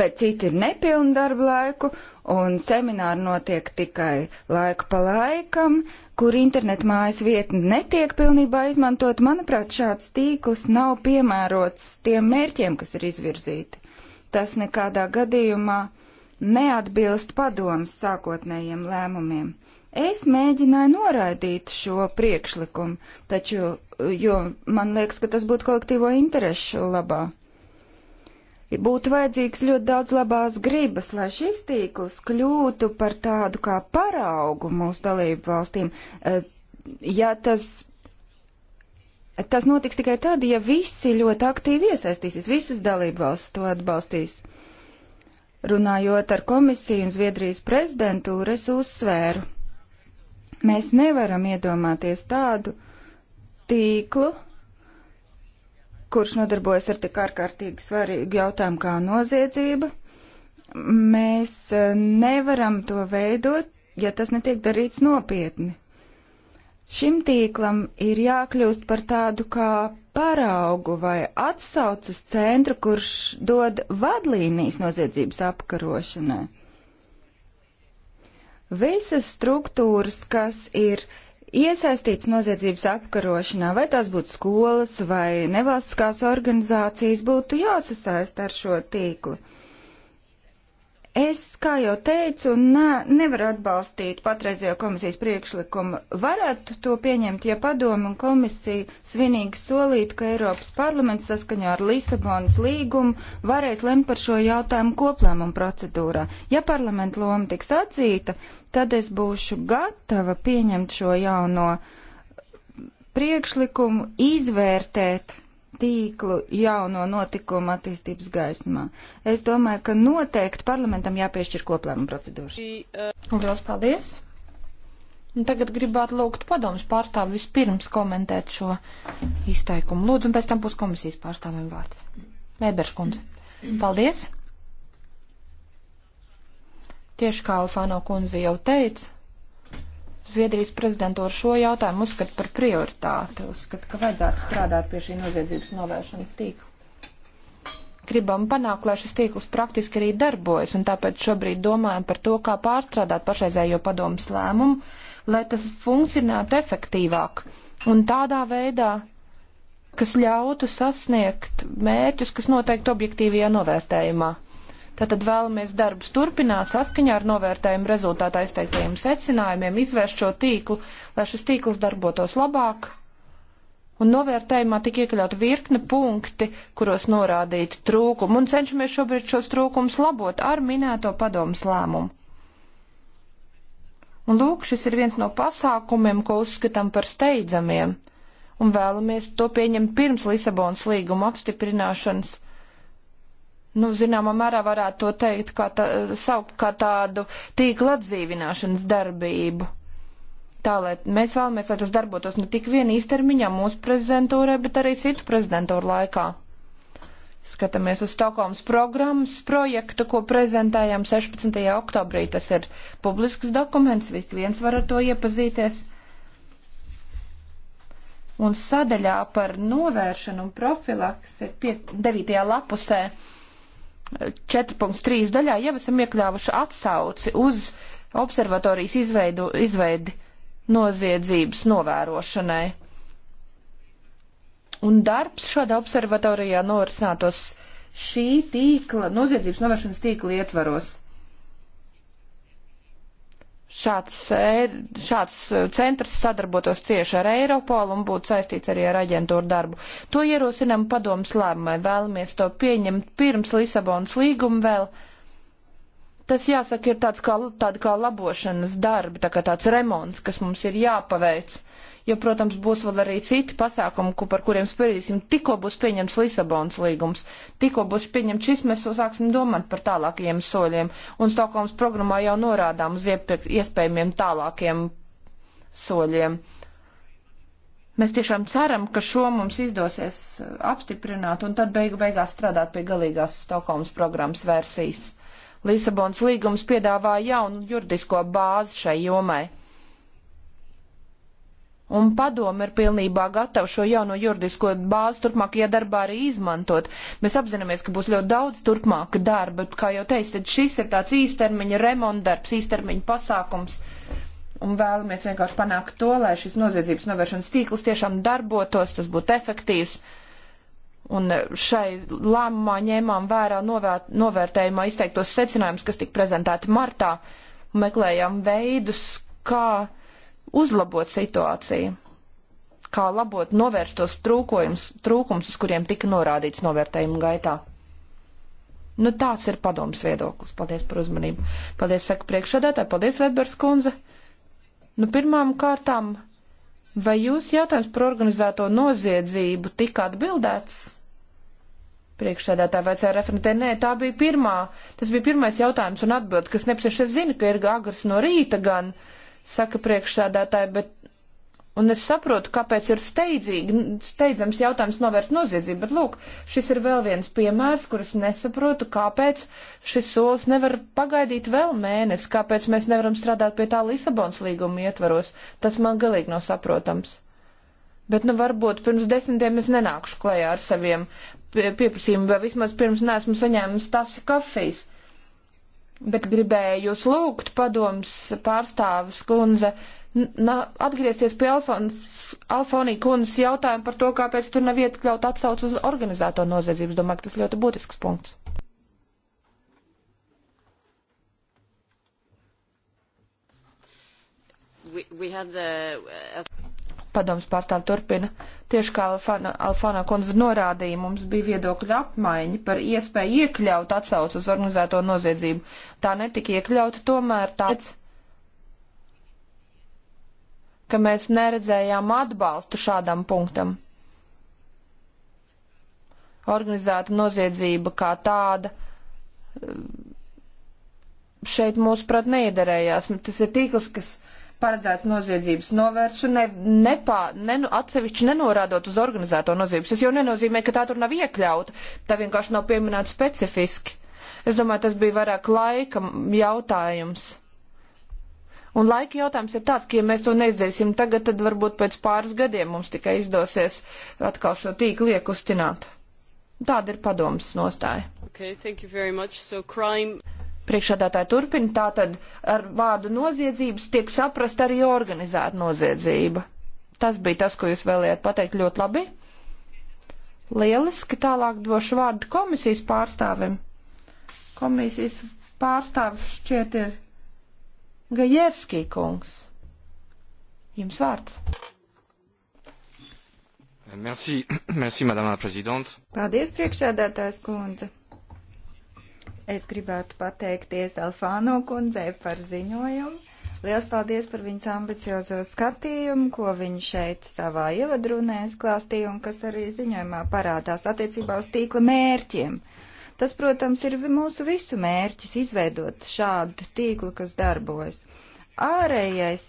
bet citi ir nepilnu darbu laiku, un semināri notiek tikai laiku pa laikam, kur internetu mājas vietne netiek pilnībā izmantot. Manuprāt, šāds tīkls nav piemērots tiem mērķiem, kas ir izvirzīti. Tas nekādā gadījumā neatbilst padomas sākotnējiem lēmumiem. Es mēģināju noraidīt šo priekšlikumu, taču, jo man liekas, ka tas būtu kolektīvo interešu labā būtu vajadzīgs ļoti daudz labās gribas, lai šis tīkls kļūtu par tādu kā paraugu mūsu dalību valstīm. Eh, ja tas, tas notiks tikai tad, ja visi ļoti aktīvi iesaistīsies, visas dalību valsts to atbalstīs. Runājot ar komisiju un Zviedrijas prezidentūru, es uzsvēru. Mēs nevaram iedomāties tādu tīklu, kurš nodarbojas ar tik ārkārtīgi svarīgu jautājumu kā noziedzība. Mēs eh, nevaram to veidot, ja tas netiek darīts nopietni. Šim tīklam ir jākļūst par tādu kā paraugu vai atsaucas centru, kurš dod vadlīnijas noziedzības apkarošanai. Visas struktūras, kas ir iesaistīts noziedzības apkarošanā, vai tās būtu skolas vai nevalstiskās organizācijas, būtu jāsasaist ar šo tīklu. Es, kā jau teicu, nā, nevaru atbalstīt patreizējo komisijas priekšlikumu. Varētu to pieņemt, ja padomu un komisija svinīgi solītu, ka Eiropas parlaments saskaņā ar Lisabonas līgumu varēs lemt par šo jautājumu koplēmumu procedūrā. Ja parlamenta loma tiks atzīta, tad es būšu gatava pieņemt šo jauno priekšlikumu, izvērtēt tīklu jauno notikumu attīstības gaismā. Es domāju, ka noteikti parlamentam jāpiešķir koplēmuma procedūra. Uh, Lielas paldies! Un tagad gribētu lūgt padomus pārstāvu vispirms komentēt šo izteikumu. Lūdzu, un pēc tam būs komisijas pārstāvim vārds. Vēberskundze. Paldies! Tieši kā Alfāno kundze jau teica, Zviedrijas prezidentūra šo jautājumu uzskata par prioritāti, uzskata, ka vajadzētu strādāt pie šī noziedzības novēršanas tīkla. Gribam panākt, lai šis tīkls praktiski arī darbojas, un tāpēc šobrīd domājam par to, kā pārstrādāt pašreizējo padomas lēmumu, lai tas funkcionētu efektīvāk un tādā veidā, kas ļautu sasniegt mērķus, kas noteikti objektīvajā novērtējumā. Tātad vēlamies darbus turpināt saskaņā ar novērtējumu rezultātā izteiktajiem secinājumiem, izvērst šo tīklu, lai šis tīkls darbotos labāk. Un novērtējumā tika iekļaut virkne punkti, kuros norādīt trūkumu, un cenšamies šobrīd šos trūkumus labot ar minēto padomas lēmumu. Un lūk, šis ir viens no pasākumiem, ko uzskatām par steidzamiem, un vēlamies to pieņemt pirms Lisabonas līguma apstiprināšanas nu, zināmā mērā varētu to teikt, kā, tā, saukt kā tādu tīkla atdzīvināšanas darbību. Tā, lai mēs vēlamies, lai tas darbotos ne tik vien īstermiņā mūsu prezidentūrē, bet arī citu prezidentūru laikā. Skatāmies uz Stokholmas programmas projektu, ko prezentējām 16. oktobrī. Tas ir publisks dokuments, ik viens var ar to iepazīties. Un sadaļā par novēršanu un profilaksi 9. lapusē 4.3 daļā jau esam iekļāvuši atsauci uz observatorijas izveidu, izveidi noziedzības novērošanai. Un darbs šādā observatorijā norisinātos šī tīkla, noziedzības novēršanas tīkla ietvaros šāds, šāds eh, centrs sadarbotos cieši ar Eiropolu un būtu saistīts arī ar aģentūru darbu. To ierosinām padomas lēmumai, vēlamies to pieņemt pirms Lisabonas līguma vēl. Tas jāsaka ir tāds kā, tāda kā labošanas darbi, tā kā tāds remonts, kas mums ir jāpaveic jo, protams, būs vēl arī citi pasākumi, ku, par kuriem spēļīsim. Tikko būs pieņemts Lisabonas līgums, tikko būs pieņemts šis, mēs sāksim domāt par tālākajiem soļiem, un Stokholmas programmā jau norādām uz iespējamiem tālākiem soļiem. Mēs tiešām ceram, ka šo mums izdosies uh, apstiprināt un tad beigu beigās strādāt pie galīgās Stokholmas programmas versijas. Lisabons līgums piedāvā jaunu juridisko bāzi šai jomai un padome ir pilnībā gatava šo jauno juridisko bāzi turpmākajā darbā arī izmantot. Mēs apzināmies, ka būs ļoti daudz turpmāka darba, bet, kā jau teicu, tad šis ir tāds īstermiņa remontdarbs, īstermiņa pasākums. Un vēlamies vienkārši panākt to, lai šis noziedzības novēršanas tīkls tiešām darbotos, tas būtu efektīvs. Un šai lēmumā ņēmām vērā novērt, novērtējumā izteiktos secinājumus, kas tika prezentēti martā. Meklējām veidus, kā uzlabot situāciju, kā labot novērst tos trūkums, uz kuriem tika norādīts novērtējuma gaitā. Nu, tāds ir padoms viedoklis. Paldies par uzmanību. Paldies, saka priekšsādātāji, paldies, Webers kundze. Nu, pirmām kārtām, vai jūs jautājums par organizēto noziedzību tika atbildēts? priekšsēdētāja vajadzēja referentē. Nē, tā bija pirmā, tas bija pirmais jautājums un atbild, kas nepieciešams. Es zinu, ka ir agrs no rīta gan. Uh, saka priekšsādātāji, bet, un es saprotu, kāpēc ir steidzīgi, steidzams jautājums novērst noziedzību, bet lūk, šis ir vēl viens piemērs, kur es nesaprotu, kāpēc šis solis nevar pagaidīt vēl mēnesi, kāpēc mēs nevaram strādāt pie tā Lisabons līguma ietvaros, tas man galīgi nav saprotams. Bet, nu, varbūt pirms desmitiem es nenākšu klajā ar saviem pieprasījumu, vai vismaz pirms neesmu saņēmusi tas kafijas bet gribēju jūs lūgt padoms pārstāvis kundze na, atgriezties pie Alfons, Alfonī kundzes jautājumu par to, kāpēc tur nav iekļaut atsauc uz organizēto noziedzību. Domāju, ka tas ļoti būtisks punkts. We, we had the, as... Uh, padoms pārstāv turpina. Tieši kā Alfāna, Alfāna kundze norādīja, mums bija viedokļa apmaiņa par iespēju iekļaut atsaucu uz organizēto noziedzību. Tā netika iekļauta tomēr tāds, ka mēs neredzējām atbalstu šādam punktam. Organizēta noziedzība kā tāda eh, šeit mūsuprāt neiederējās. Tas ir tīkls, kas paredzēts noziedzības novēršanai, nepā, nenu, atsevišķi nenorādot uz organizēto noziedzību. Tas jau nenozīmē, ka tā tur nav iekļauta, tā vienkārši nav pieminēta specifiski. Es domāju, tas bija vairāk laika jautājums. Un laika jautājums ir tāds, ka ja mēs to neizdarīsim tagad, tad varbūt pēc pāris gadiem mums tikai izdosies atkal šo tīklu iekustināt. Tāda ir padomas nostāja. Okay, so crime... Priekšādātāji turpina, tātad ar vārdu noziedzības tiek saprast arī organizēta noziedzība. Tas bija tas, ko jūs vēlējāt pateikt ļoti labi. Lieliski tālāk došu vārdu komisijas pārstāvim. Komisijas pārstāvis šķiet ir Gajevskī kungs. Jums vārds. Merci, merci, madame la présidente. Paldies, priekšsēdētājs kundze. Es gribētu pateikties Alfāno kundzei par ziņojumu. Liels paldies par viņas ambiciozo skatījumu, ko viņa šeit savā ievadrunē sklāstīja un kas arī ziņojumā parādās attiecībā uz tīkla mērķiem. Tas, protams, ir mūsu visu mērķis izveidot šādu tīklu, kas darbojas. Ārējais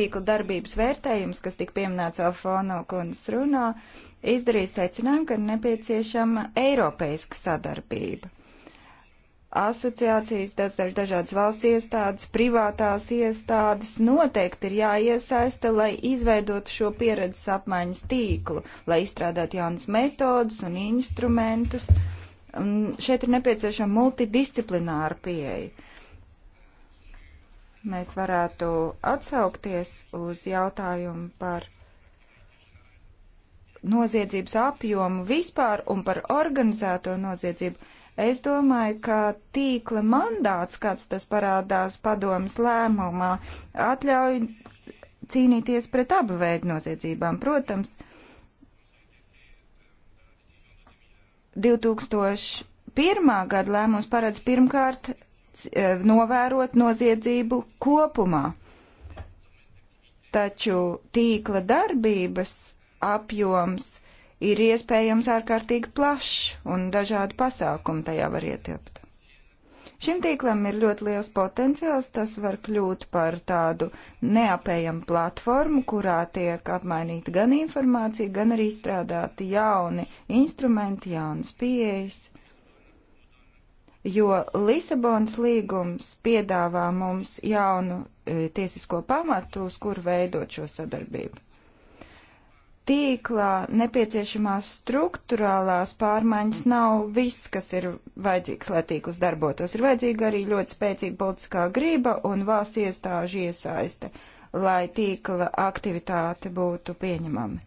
tīkla darbības vērtējums, kas tika pieminēts Alfāno kundzes runā, izdarīja secinājumu, ka ir nepieciešama eiropeiska sadarbība asociācijas, tas ir dažādas valsts iestādes, privātās iestādes noteikti ir jāiesaista, lai izveidotu šo pieredzes apmaiņas tīklu, lai izstrādātu jaunas metodas un instrumentus. Un šeit ir nepieciešama multidisciplināra pieeja mēs varētu atsaukties uz jautājumu par noziedzības apjomu vispār un par organizēto noziedzību. Es domāju, ka tīkla mandāts, kāds tas parādās padomas lēmumā, atļauj cīnīties pret abu veidu noziedzībām. Protams, 2001. gada lēmums paredz pirmkārt eh, novērot noziedzību kopumā, taču tīkla darbības apjoms ir iespējams ārkārtīgi plašs un dažādi pasākumi tajā var ietilpt. Šim tīklam ir ļoti liels potenciāls, tas var kļūt par tādu neapējamu platformu, kurā tiek apmainīta gan informācija, gan arī strādāti jauni instrumenti, jaunas pieejas. Jo Lisabonas līgums piedāvā mums jaunu e, tiesisko pamatu, uz kuru veidot šo sadarbību tīklā nepieciešamās struktūrālās pārmaiņas nav viss, kas ir vajadzīgs, lai tīkls darbotos. Ir vajadzīga arī ļoti spēcīga politiskā grība un valsts iestāžu iesaiste, lai tīkla aktivitāte būtu pieņemama.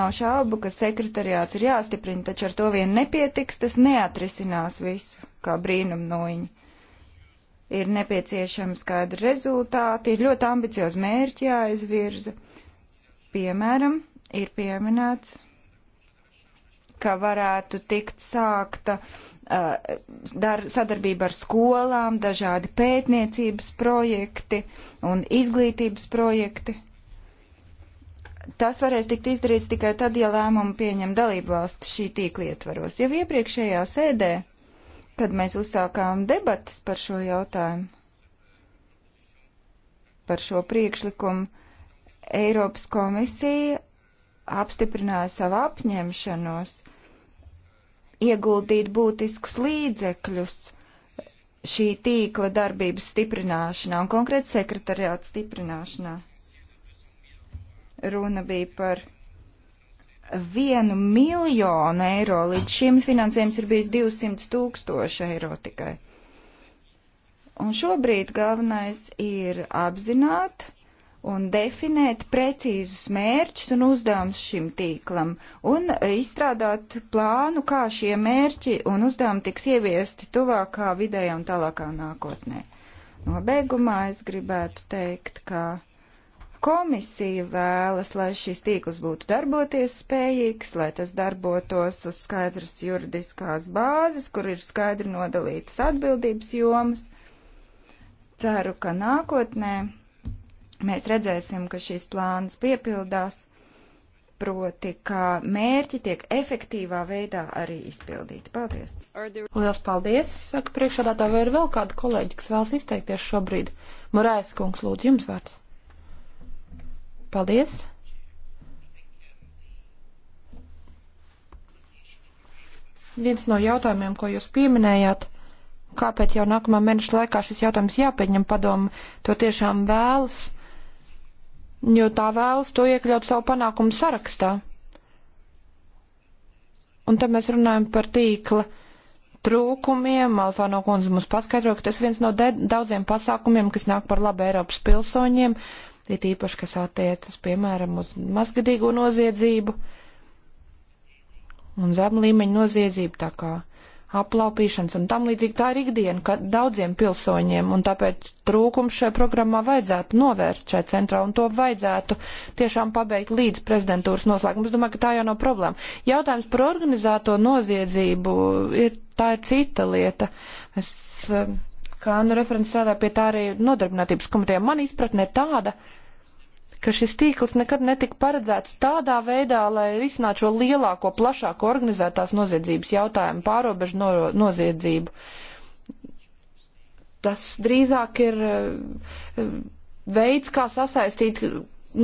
Nav šaubu, ka sekretariāts ir jāstiprina, taču ar to vien nepietiks, tas neatrisinās visu, kā brīnum noiņa. Ir nepieciešami skaidri rezultāti, ir ļoti ambiciozi mērķi jāizvirza. Piemēram, ir pieminēts, ka varētu tikt sākta uh, dar, sadarbība ar skolām, dažādi pētniecības projekti un izglītības projekti. Tas varēs tikt izdarīts tikai tad, ja lēmumu pieņem dalībvalsts šī tīkla ietvaros. Jau iepriekšējā sēdē, kad mēs uzsākām debatas par šo jautājumu, par šo priekšlikumu, Eiropas komisija apstiprināja savu apņemšanos ieguldīt būtiskus līdzekļus šī tīkla darbības stiprināšanā un konkrēti sekretariāta stiprināšanā. Runa bija par vienu miljonu eiro, līdz šim finansējums ir bijis 200 tūkstoši eiro tikai. Un šobrīd galvenais ir apzināt, un definēt precīzus mērķus un uzdevumus šim tīklam un izstrādāt plānu, kā šie mērķi un uzdevumi tiks ieviesti tuvākā vidējā un tālākā nākotnē. Nobeigumā es gribētu teikt, ka komisija vēlas, lai šis tīkls būtu darboties spējīgs, lai tas darbotos uz skaidras juridiskās bāzes, kur ir skaidri nodalītas atbildības jomas. Ceru, ka nākotnē mēs redzēsim, ka šīs plānas piepildās, proti, ka mērķi tiek efektīvā veidā arī izpildīti. Paldies! Lielas paldies! Saka priekšādātā, vai ir vēl kāda kolēģi, kas vēlas izteikties šobrīd? Morais kungs, lūdzu, jums vārds. Paldies! Viens no jautājumiem, ko jūs pieminējāt, kāpēc jau nākamā mēneša laikā šis jautājums jāpieņem padomu, to tiešām vēlas jo tā vēlas to iekļaut savu panākumu sarakstā. Un te mēs runājam par tīkla trūkumiem. Alfāno kundze mums paskaidro, ka tas viens no daudziem pasākumiem, kas nāk par labu Eiropas pilsoņiem, ir īpaši, kas attiecas, piemēram, uz mazgadīgo noziedzību un zem līmeņa noziedzību, tā kā aplaupīšanas un tam līdzīgi tā ir ikdiena, ka daudziem pilsoņiem, un tāpēc trūkums šajā programmā vajadzētu novērst šajā centrā, un to vajadzētu tiešām pabeigt līdz prezidentūras noslēgumu. Es domāju, ka tā jau nav problēma. Jautājums par organizēto noziedzību ir, tā ir cita lieta. Es, eh, kā nu referents strādā pie tā arī nodarbinātības komitejā, man izpratne ir tāda, uh, ka šis tīkls nekad netika paredzēts tādā veidā, lai risinātu šo lielāko, plašāko organizētās noziedzības jautājumu, pārobežu no, noziedzību. Tas drīzāk ir eh, veids, kā sasaistīt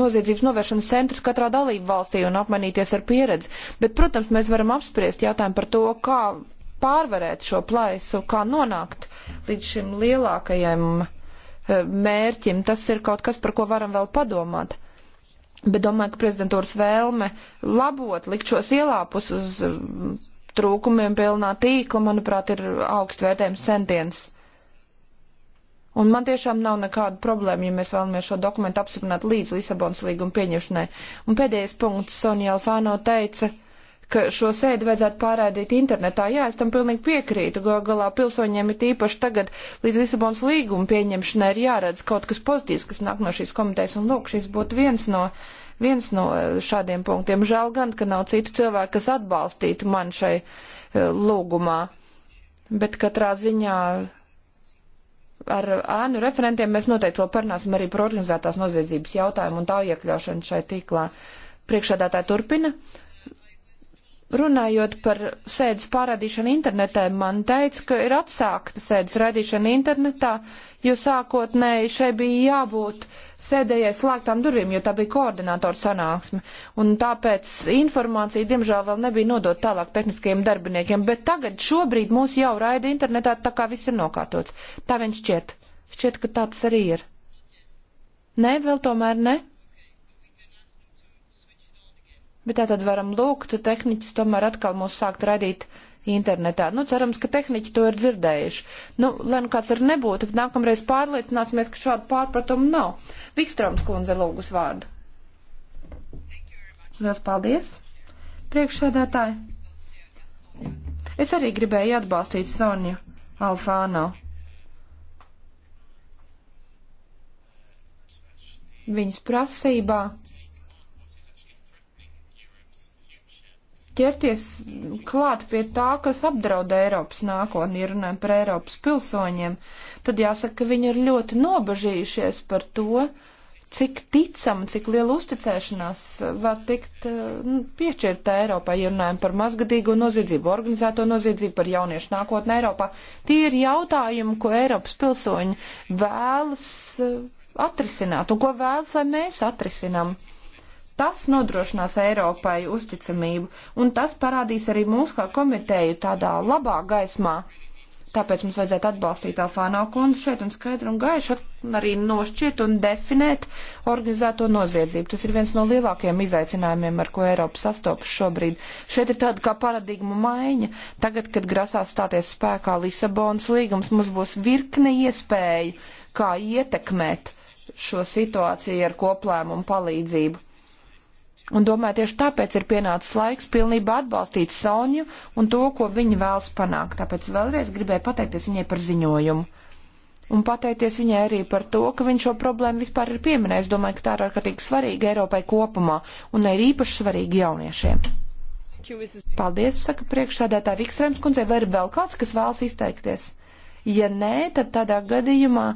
noziedzības novēršanas centrus katrā dalību valstī un apmainīties ar pieredzi. Bet, protams, mēs varam apspriest jautājumu par to, kā pārvarēt šo plaisu, kā nonākt līdz šim lielākajam mērķim. Tas ir kaut kas, par ko varam vēl padomāt. Bet domāju, ka prezidentūras vēlme labot, likt šos ielāpus uz mm, trūkumiem pilnā tīkla, manuprāt, ir augstvērtējums centiens. Un man tiešām nav nekāda problēma, ja mēs vēlamies šo dokumentu apstiprināt līdz Lisabonas līguma pieņemšanai. Un pēdējais punkts Sonija Alfāno teica, uh, ka šo sēdi vajadzētu pārādīt internetā. Jā, es tam pilnīgi piekrītu. Gal galā pilsoņiem ir tīpaši tagad līdz Lisabonas līguma pieņemšanai ir jāredz kaut kas pozitīvs, kas nāk no šīs komitejas. Un lūk, šis būtu viens no, viens no eh, šādiem punktiem. Žēl gan, ka nav citu cilvēku, kas atbalstītu man šai eh, lūgumā. Bet katrā ziņā ar ēnu referentiem mēs noteikti vēl parunāsim arī par organizētās noziedzības jautājumu un tā iekļaušanu šai tīklā. Priekšādātāji turpina. Runājot par sēdes pārādīšanu internetē, man teica, ka ir atsākta sēdes raidīšana internetā, jo sākotnēji šeit bija jābūt sēdējai slēgtām durvīm, jo tā bija koordinātora sanāksme. Un tāpēc informācija, diemžēl, vēl nebija nodot tālāk tehniskajiem darbiniekiem, bet tagad šobrīd mūs jau raida internetā, tā kā viss ir nokārtots. Tā viņš šķiet. Šķiet, ka tāds arī ir. Nē, vēl tomēr ne. Bet tā tad varam lūgt tehniķus tomēr atkal mūs sākt radīt internetā. Nu, cerams, ka tehniķi to ir dzirdējuši. Nu, lai nu kāds arī nebūtu, bet nākamreiz pārliecināsimies, ka šādu pārpratumu nav. Vikstroms kundze lūgus vārdu. Lielas paldies, priekšsēdētāji. Es arī gribēju atbalstīt Sonju Alfāno. Viņas prasībā ķerties klāt pie tā, kas apdraud Eiropas nākotni, ja runājam par Eiropas pilsoņiem, tad jāsaka, ka viņi ir ļoti nobežījušies par to, cik ticama, cik liela uzticēšanās eh, var tikt eh, nu, piešķirta Eiropā, ja runājam par mazgadīgo noziedzību, organizēto noziedzību, par jauniešu nākotni Eiropā. Tie ir jautājumi, ko Eiropas pilsoņi vēlas eh, atrisināt un ko vēlas, lai mēs atrisinām. Tas nodrošinās Eiropai uzticamību, un tas parādīs arī mūsu kā komiteju tādā labā gaismā. Tāpēc mums vajadzētu atbalstīt Alfānā kundzi šeit un skaidru un gaišu arī nošķirt un definēt organizēto noziedzību. Tas ir viens no lielākajiem izaicinājumiem, ar ko Eiropa sastopas šobrīd. Šeit ir tāda kā paradigma maiņa. Tagad, kad grasās stāties spēkā Lisabonas līgums, mums būs virkne iespēju, kā ietekmēt šo situāciju ar koplēmumu palīdzību. Un domāju, tieši tāpēc ir pienācis laiks pilnībā atbalstīt Sonju un to, ko viņa vēlas panākt. Tāpēc vēlreiz gribēju pateikties viņai par ziņojumu. Un pateikties viņai arī par to, ka viņš šo problēmu vispār ir pieminējis. Domāju, ka tā ir ārkārtīgi svarīga Eiropai kopumā un ir īpaši svarīga jauniešiem. Paldies, saka priekšsēdētāja Vikstrēms kundze, vai ir vēl kāds, kas vēlas izteikties? Ja nē, tad tādā gadījumā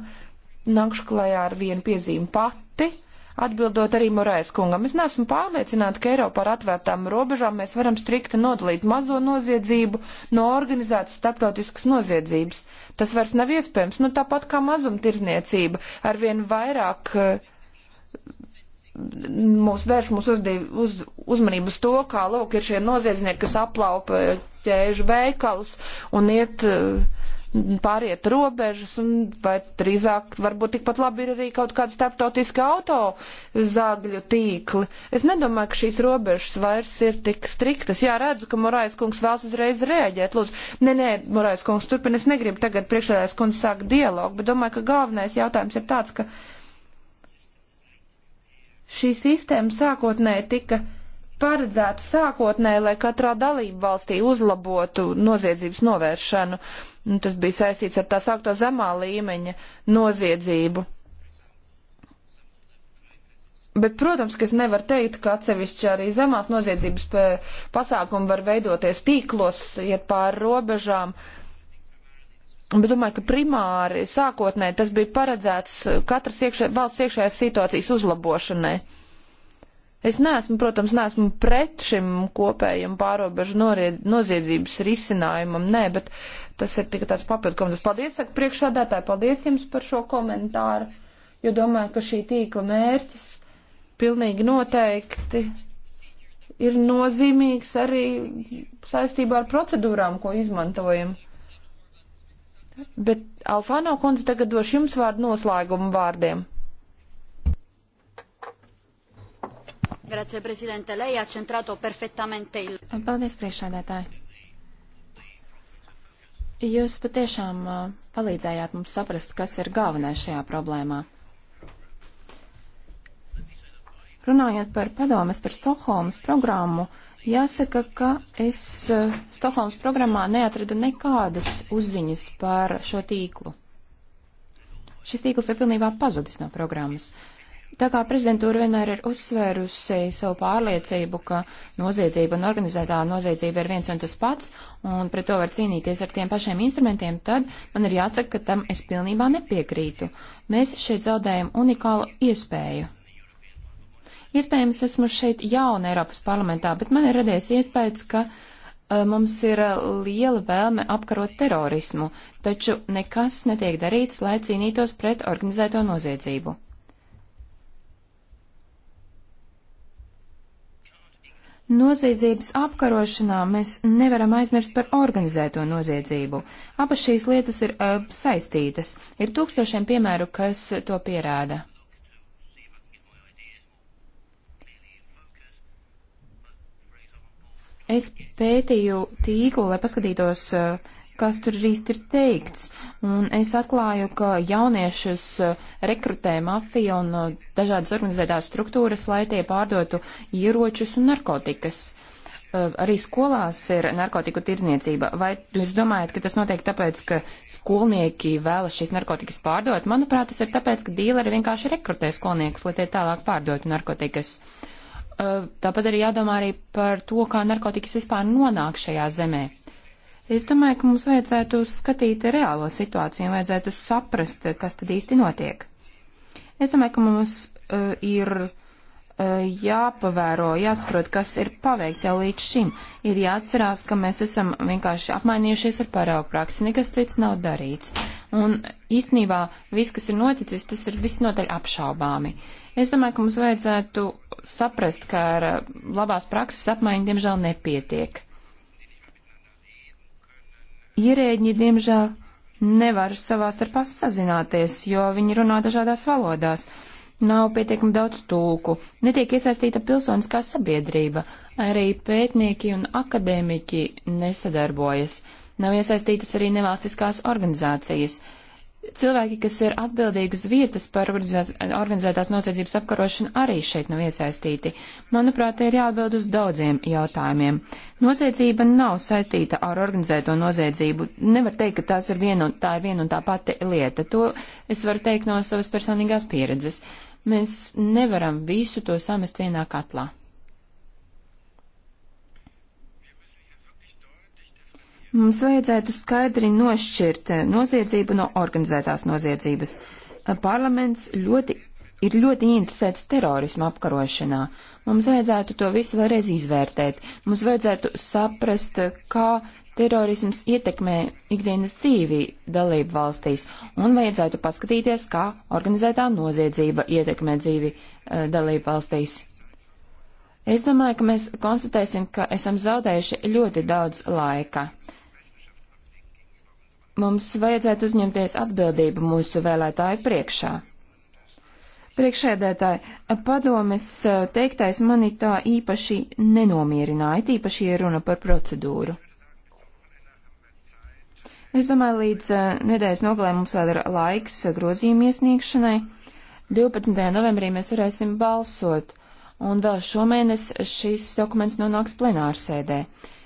nākšu klajā ar vienu piezīmi pati. Atbildot arī Morais kungam, es neesmu pārliecināta, ka Eiropā ar atvērtām robežām mēs varam strikti nodalīt mazo noziedzību no organizētas starptautiskas noziedzības. Tas vairs nav iespējams, nu tāpat kā mazumtirzniecība arvien vairāk eh, mūs vērš mūsu uz, uzmanību uz to, kā lūk ir šie noziedznieki, kas aplaupa ķēžu veikalus un iet. Uh, pāriet robežas, un vai drīzāk varbūt tikpat labi ir arī kaut kāda starptautiska auto zāgļu tīkli. Es nedomāju, ka šīs robežas vairs ir tik striktas. Jā, redzu, ka Morais kungs vēlas uzreiz reaģēt. Lūdzu, nē, nē, Morais kungs turpin, es negribu tagad priekšēdājs kungs sākt dialogu, bet domāju, ka galvenais jautājums ir tāds, ka šī sistēma sākotnēji tika paredzēta sākotnēji, lai katrā dalību valstī uzlabotu noziedzības novēršanu. Uh, Nu, tas bija saistīts ar tā saukto zemā līmeņa noziedzību. Bet, protams, ka es nevaru teikt, ka atsevišķi arī zemās noziedzības pasākumi var veidoties tīklos, iet pāri robežām. Bet domāju, ka primāri, sākotnēji tas bija paredzēts katras iekšē, valsts iekšējās situācijas uzlabošanai. Es neesmu, protams, neesmu pret šim kopējam pārobežu noziedzības risinājumam, nē, bet tas ir tikai tāds papildu komentārs. Paldies, saka priekšādātāji, paldies jums par šo komentāru, jo domāju, ka šī tīkla mērķis pilnīgi noteikti ir nozīmīgs arī saistībā ar procedūrām, ko izmantojam. Bet Alfāno kundze tagad došu jums vārdu noslēgumu vārdiem. Grazie, Presidente. Lei ha centrato perfettamente il. Paldies, priekšādātāji. Jūs patiešām uh, palīdzējāt mums saprast, kas ir galvenais šajā problēmā. Runājot par padomas par Stokholmas programmu, jāsaka, ka es uh, Stokholmas programmā neatradu nekādas uzziņas par šo tīklu. Šis tīkls ir pilnībā pazudis no programmas. Tā kā prezidentūra vienmēr ir uzsvērusi savu pārliecību, ka noziedzība un organizētā noziedzība ir viens un tas pats, un pret to var cīnīties ar tiem pašiem instrumentiem, tad man ir jāatsaka, ka tam es pilnībā nepiekrītu. Mēs šeit zaudējam unikālu iespēju. Iespējams, esmu šeit jauna Eiropas parlamentā, bet man ir radies iespējas, ka uh, mums ir eh, liela vēlme apkarot terorismu, taču nekas netiek darīts, lai cīnītos pret organizēto noziedzību. Noziedzības apkarošanā mēs nevaram aizmirst par organizēto noziedzību. Abas šīs lietas ir uh, saistītas. Ir tūkstošiem piemēru, kas to pierāda. Es pētīju tīklu, lai paskatītos, uh, kas tur īsti ir teikts. Un es atklāju, ka jauniešus eh, rekrutē mafija un eh, dažādas organizētās struktūras, lai tie pārdotu ieročus un narkotikas. Eh, arī skolās ir narkotiku tirdzniecība. Vai jūs domājat, ka tas notiek tāpēc, ka skolnieki vēlas šīs narkotikas pārdot? Manuprāt, tas ir tāpēc, ka dīleri vienkārši rekrutē skolniekus, lai tie tālāk pārdotu narkotikas tāpat arī jādomā arī par to, kā narkotikas vispār nonāk šajā zemē. Es domāju, ka mums vajadzētu skatīt reālo situāciju un vajadzētu saprast, kas tad īsti notiek. Es domāju, ka mums uh, ir uh, jāpavēro, jāsaprot, kas ir paveikts jau līdz šim. Ir jāatcerās, ka mēs esam vienkārši apmainījušies ar paraugu praksi, nekas cits nav darīts. Un īstenībā viss, kas ir noticis, tas ir visnotaļ apšaubāmi. Es domāju, ka mums vajadzētu saprast, ka ar eh, labās prakses apmaiņu diemžēl nepietiek Ierēģi, diemžēl, nevar savā starpā sazināties, jo viņi runā dažādās valodās. Nav pietiekami daudz tulku, netiek iesaistīta pilsoniskā sabiedrība, arī pētnieki un akadēmiķi nesadarbojas, nav iesaistītas arī nevalstiskās organizācijas cilvēki, kas ir atbildīgi uz vietas par organizētās noziedzības apkarošanu, arī šeit nav iesaistīti. Manuprāt, ir jāatbild uz daudziem jautājumiem. Noziedzība nav saistīta ar organizēto noziedzību. Nevar teikt, ka ir vienu, tā ir viena un tā pati lieta. To es varu teikt no savas personīgās pieredzes. Mēs nevaram visu to samest vienā katlā. Mums vajadzētu skaidri nošķirt eh, noziedzību no organizētās noziedzības. Eh, parlaments ļoti, ir ļoti interesēts terorismu apkarošanā. Mums vajadzētu to visu vēlreiz izvērtēt. Mums vajadzētu saprast, eh, kā terorisms ietekmē ikdienas dzīvi dalību valstīs, un vajadzētu paskatīties, kā organizētā noziedzība ietekmē dzīvi dalību valstīs. Es domāju, ka mēs konstatēsim, ka esam zaudējuši ļoti daudz laika. Mums vajadzētu uzņemties atbildību mūsu vēlētāju priekšā. Priekšēdētāji, padomes eh, teiktais mani tā īpaši nenomierināja, īpaši ir runa par procedūru. Es domāju, līdz eh, nedēļas nogalē mums vēl ir laiks grozījuma iesniegšanai. 12. novembrī mēs varēsim balsot, un vēl šomēnes šis dokuments nonāks plenārsēdē. sēdē.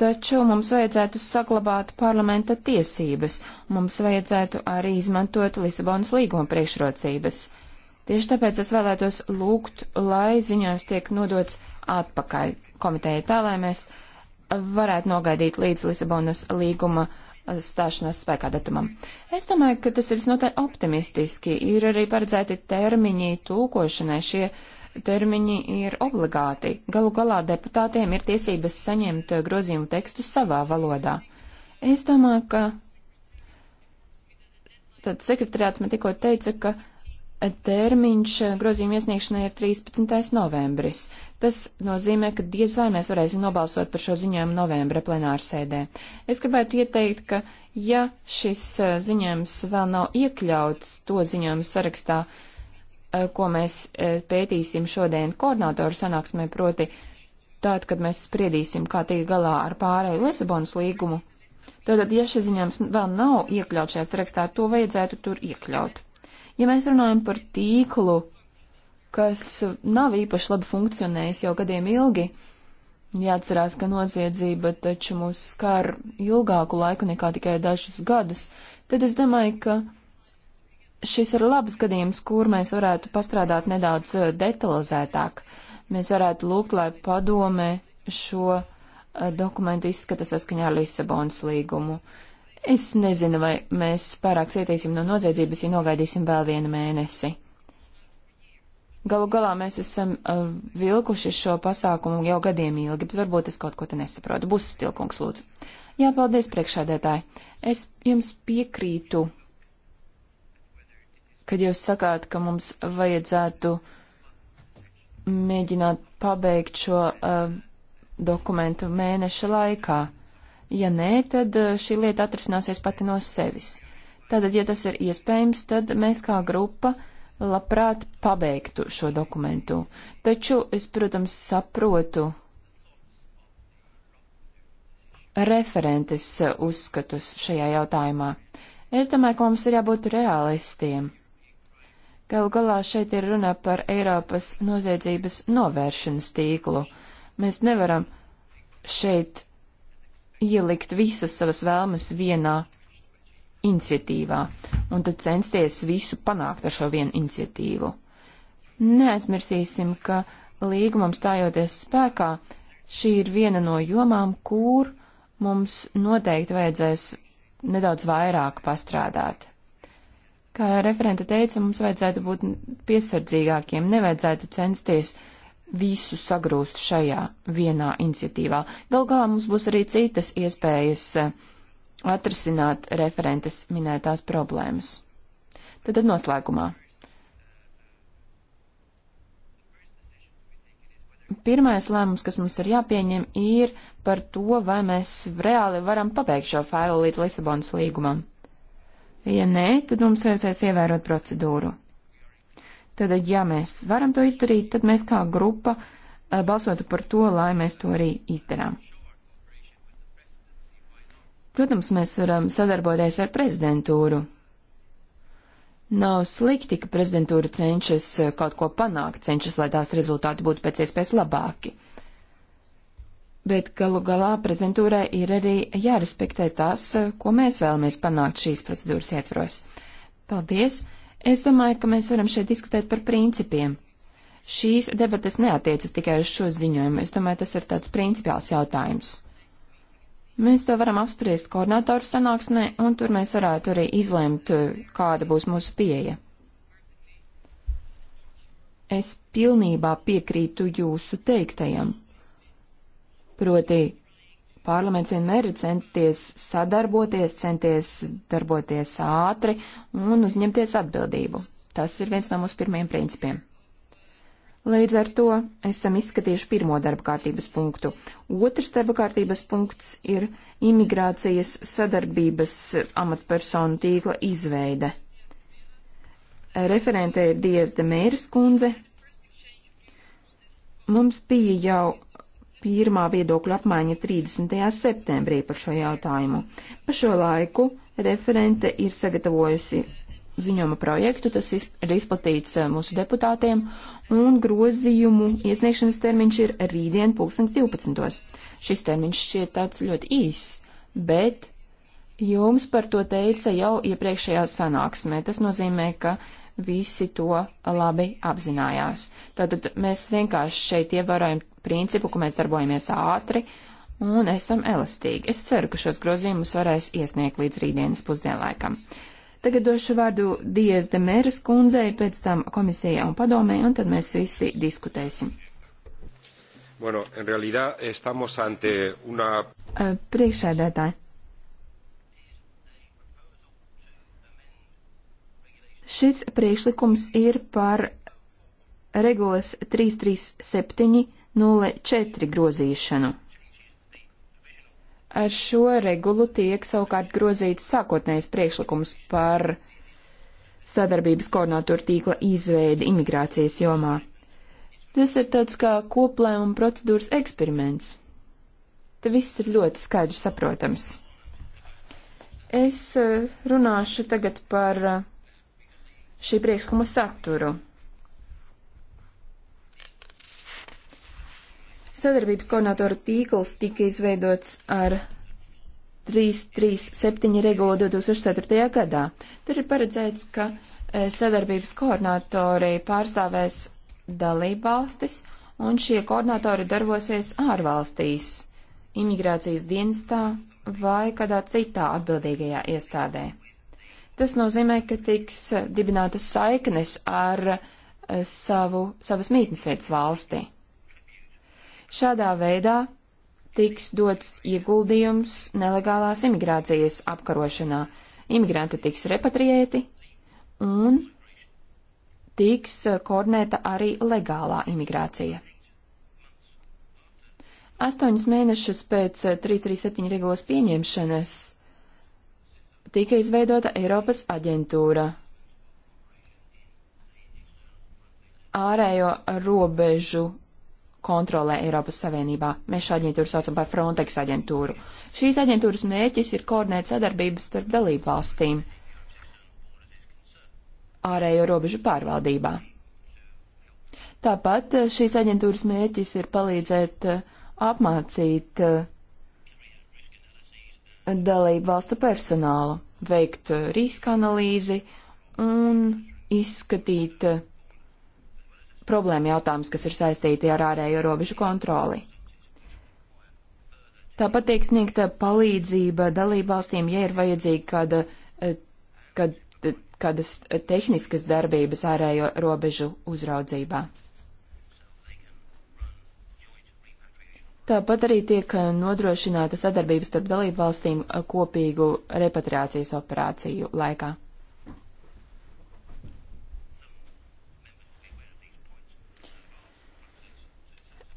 Taču mums vajadzētu saglabāt parlamenta tiesības, mums vajadzētu arī izmantot Lisabonas līguma priekšrocības. Tieši tāpēc es vēlētos lūgt, lai ziņojums tiek nodots atpakaļ komitejai tā, lai mēs varētu nogaidīt līdz Lisabonas līguma stāšanās spēkā datumam. Es domāju, ka tas ir visnotaļ optimistiski. Ir arī paredzēti termiņi tulkošanai šie. Uh, termiņi ir obligāti. Galu galā deputātiem ir tiesības saņemt grozījumu tekstu savā valodā. Es domāju, ka tad sekretariāts man tikko teica, ka termiņš grozījuma iesniegšanai ir 13. novembris. Tas nozīmē, ka diez vai mēs varēsim nobalsot par šo ziņojumu novembra plenārsēdē. Es gribētu ieteikt, ka ja šis eh, ziņojums vēl nav iekļauts to ziņojumu sarakstā, uh, Eh, ko mēs eh, pētīsim šodien koordinātoru sanāksmē, proti tātad, kad mēs spriedīsim, kā tikt galā ar pārēju Lisabonas līgumu. Tātad, ja šis ziņojums vēl nav iekļauts šajā sarakstā, to vajadzētu tur iekļaut. Ja mēs runājam par tīklu, kas nav īpaši labi funkcionējis jau gadiem ilgi, jāatcerās, ka noziedzība taču mūs skar ilgāku laiku nekā tikai dažus gadus, tad es domāju, ka šis ir labs gadījums, kur mēs varētu pastrādāt nedaudz eh, detalizētāk. Mēs varētu lūgt, lai padome šo eh, dokumentu izskata saskaņā ar Lisabonas līgumu. Es nezinu, vai mēs pārāk cietīsim no noziedzības, ja nogaidīsim vēl vienu mēnesi. Galu galā mēs esam uh, vilkuši šo pasākumu jau gadiem ilgi, bet varbūt es kaut ko te nesaprotu. Būs stilkungs, lūdzu. Jā, paldies priekšādētāji. Es jums piekrītu kad jūs sakāt, ka mums vajadzētu mēģināt pabeigt šo uh, dokumentu mēneša laikā. Ja nē, tad uh, šī lieta atrisināsies pati no sevis. Tātad, ja tas ir iespējams, tad mēs kā grupa labprāt pabeigtu šo dokumentu. Taču es, protams, saprotu referentes uh, uzskatus šajā jautājumā. Es domāju, ka mums ir jābūt realistiem. Galu galā šeit ir runa par Eiropas noziedzības novēršanas tīklu. Mēs nevaram šeit ielikt visas savas vēlmes vienā iniciatīvā un tad censties visu panākt ar šo vienu iniciatīvu. Neaizmirsīsim, ka līgumam stājoties spēkā, šī ir viena no jomām, kur mums noteikti vajadzēs nedaudz vairāk pastrādāt. Kā referente teica, mums vajadzētu būt piesardzīgākiem, nevajadzētu censties visu sagrūst šajā vienā iniciatīvā. Gal galā mums būs arī citas iespējas eh, atrisināt referentes minētās problēmas. Tad, tad noslēgumā. Pirmais lēmums, kas mums ir jāpieņem, ir par to, vai mēs reāli varam pabeigt šo failu līdz Lisabonas līgumam. Ja nē, tad mums vajadzēs ievērot procedūru. Tad, ja mēs varam to izdarīt, tad mēs kā grupa eh, balsotu par to, lai mēs to arī izdarām. Protams, mēs varam sadarboties ar prezidentūru. Nav slikti, ka prezidentūra cenšas eh, kaut ko panākt, cenšas, lai tās rezultāti būtu pēc iespējas labāki. Bet galu galā prezidentūrai ir arī jārespektē tas, ko mēs vēlamies panākt šīs procedūras ietvaros. Paldies! Es domāju, ka mēs varam šeit diskutēt par principiem. Šīs debates neatiecas tikai uz šo ziņojumu. Es domāju, tas ir tāds principiāls jautājums. Mēs to varam apspriest koordinātoru sanāksmē, un tur mēs varētu arī izlemt, kāda būs mūsu pieeja. Es pilnībā piekrītu jūsu teiktajam. Proti, parlaments vienmēr ir centies sadarboties, centies darboties ātri un uzņemties atbildību. Tas ir viens no mūsu pirmajiem principiem. Līdz ar to esam izskatījuši pirmo darba kārtības punktu. Otrs darba kārtības punkts ir imigrācijas sadarbības amatpersonu tīkla izveide. Referente ir Diezde Mēras kundze. Mums bija jau pirmā viedokļa apmaiņa 30. septembrī par šo jautājumu. Pa šo laiku referente ir sagatavojusi ziņojuma projektu, tas ir izplatīts eh, mūsu deputātiem, un grozījumu iesniegšanas termiņš ir rītdien 2012. Šis termiņš šķiet tāds ļoti īss, bet jums par to teica jau iepriekšējā sanāksmē. Tas nozīmē, ka visi to labi apzinājās. Tātad mēs vienkārši šeit ievērojam principu, ka mēs darbojamies ātri un esam elastīgi. Es ceru, ka šos grozījumus varēs iesniegt līdz rītdienas pusdienlaikam. Tagad došu vārdu Diez de Mēras kundzei, pēc tam komisijai un padomē, un tad mēs visi diskutēsim. Bueno, en realidad estamos ante una... Eh, Priekšēdētāji. Šis priekšlikums ir par regulas 33704 grozīšanu. Ar šo regulu tiek savukārt grozīts sākotnējs priekšlikums par sadarbības koordinātoru tīkla izveidi imigrācijas jomā. Tas ir tāds kā koplēmuma procedūras eksperiments. Te viss ir ļoti skaidri saprotams. Es eh, runāšu tagad par eh, šī priekšlikuma saturu. Sadarbības koordinatoru tīkls tika izveidots ar 337 regulu 2004. gadā. Tur ir paredzēts, ka e, sadarbības koordinatori pārstāvēs dalībvalstis, un šie koordinatori darbosies ārvalstīs, imigrācijas dienestā vai kādā citā atbildīgajā iestādē. Tas nozīmē, ka tiks dibinātas saiknes ar eh, savu, savas mītnes vietas valstī. Šādā veidā tiks dots ieguldījums nelegālās imigrācijas apkarošanā. Imigranti tiks repatriēti un tiks eh, koordinēta arī legālā imigrācija. Astoņus mēnešus pēc 337 eh, regulas pieņemšanas tika izveidota Eiropas aģentūra ārējo robežu kontrolē Eiropas Savienībā. Mēs šo aģentūru saucam par Frontex aģentūru. Šīs aģentūras mērķis ir koordinēt sadarbības starp dalību valstīm ārējo robežu pārvaldībā. Tāpat šīs aģentūras mērķis ir palīdzēt eh, apmācīt uh, dalību valstu personālu, veikt uh, riska analīzi un izskatīt uh, problēma jautājumus, kas ir saistīti ar ārējo robežu kontroli. Tāpat tiek sniegta palīdzība dalību valstīm, ja ir vajadzīga kāda, uh, kad, kādas tehniskas darbības ārējo robežu uzraudzībā. Tāpat arī tiek eh, nodrošināta sadarbības starp dalību valstīm eh, kopīgu repatriācijas operāciju laikā.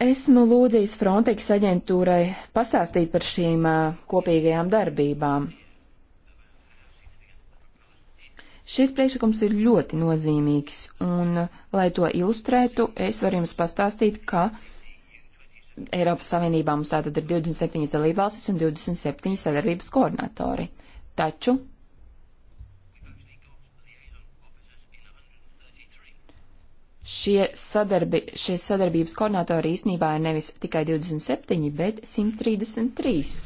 Esmu lūdzījis Frontex aģentūrai pastāstīt par šīm eh, kopīgajām darbībām. Šis priekšlikums ir ļoti nozīmīgs, un, lai to ilustrētu, es varu jums pastāstīt, ka uh, Eiropas Savienībā mums tātad ir 27 dalībvalstis un 27 sadarbības koordinatori. Taču šie, sadarbi, šie sadarbības koordinatori īsnībā ir nevis tikai 27, bet 133.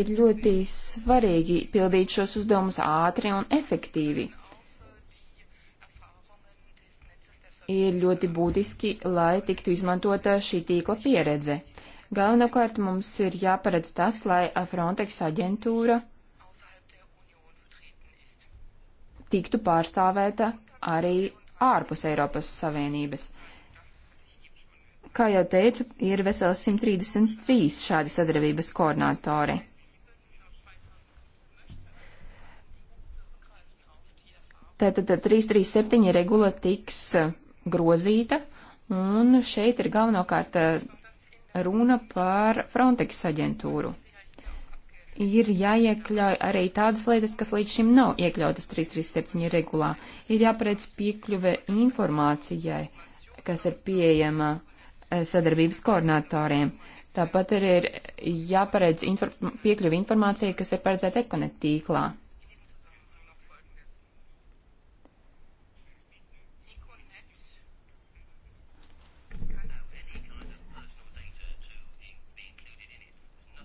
Ir ļoti svarīgi pildīt šos uzdevumus ātri un efektīvi. ir ļoti būtiski, lai tiktu izmantota šī tīkla pieredze. Galvenokārt mums ir jāparedz tas, lai Frontex aģentūra tiktu pārstāvēta arī ārpus Eiropas Savienības. Kā jau teicu, ir veseli 133 šādi sadarbības koordinātori. Tātad 337 regula tiks grozīta, un šeit ir galvenokārt eh, runa par Frontex aģentūru. Ir jāiekļauj arī tādas lietas, kas līdz šim nav iekļautas 337 regulā. Ir jāparedz piekļuve informācijai, kas ir pieejama eh, sadarbības koordinatoriem. Tāpat arī ir jāparedz infor piekļuve informācijai, kas ir paredzēta ekonet tīklā.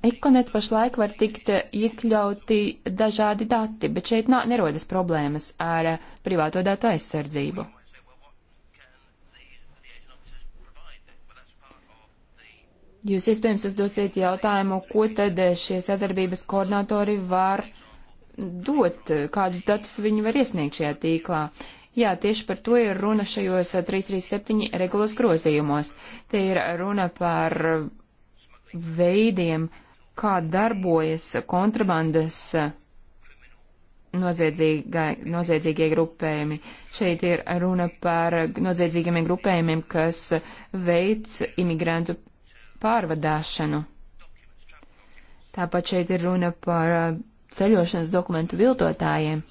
Ekonet pašlaik var tikt iekļauti dažādi dati, bet šeit nā, nerodas problēmas ar privāto datu aizsardzību. Jūs iespējams uzdosiet jautājumu, ko tad šie sadarbības koordinatori var dot, kādus datus viņi var iesniegt šajā tīklā. Jā, tieši par to ir runa šajos 337 regulas grozījumos. Te ir runa par veidiem, kā darbojas kontrabandas eh, noziedzīgie grupējumi. Šeit ir runa par noziedzīgiem grupējumiem, kas veic imigrantu pārvadāšanu. Tāpat šeit ir runa par eh, ceļošanas dokumentu viltotājiem.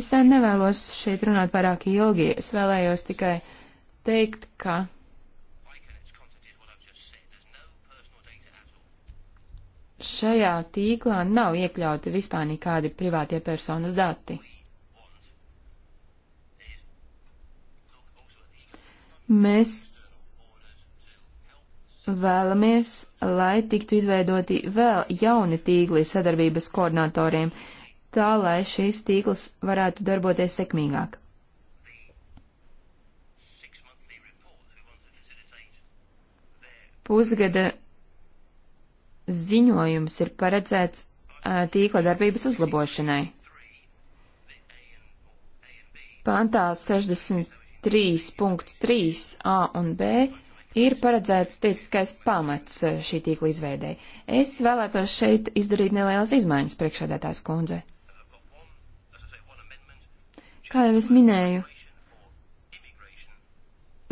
Es eh, nevēlos šeit runāt pārāk ilgi, es vēlējos tikai teikt, ka šajā tīklā nav iekļauti vispār nekādi privātie personas dati. Mēs vēlamies, lai tiktu izveidoti vēl jauni tīkli sadarbības koordinatoriem, tā lai šīs tīkls varētu darboties sekmīgāk. Pusgada ziņojums ir paredzēts tīkla darbības uzlabošanai. Pantā 63.3a un b ir paredzēts tiesiskais pamats šī tīkla izveidēji. Es vēlētos šeit izdarīt nelielas izmaiņas priekšādētās kundze. Kā jau es minēju,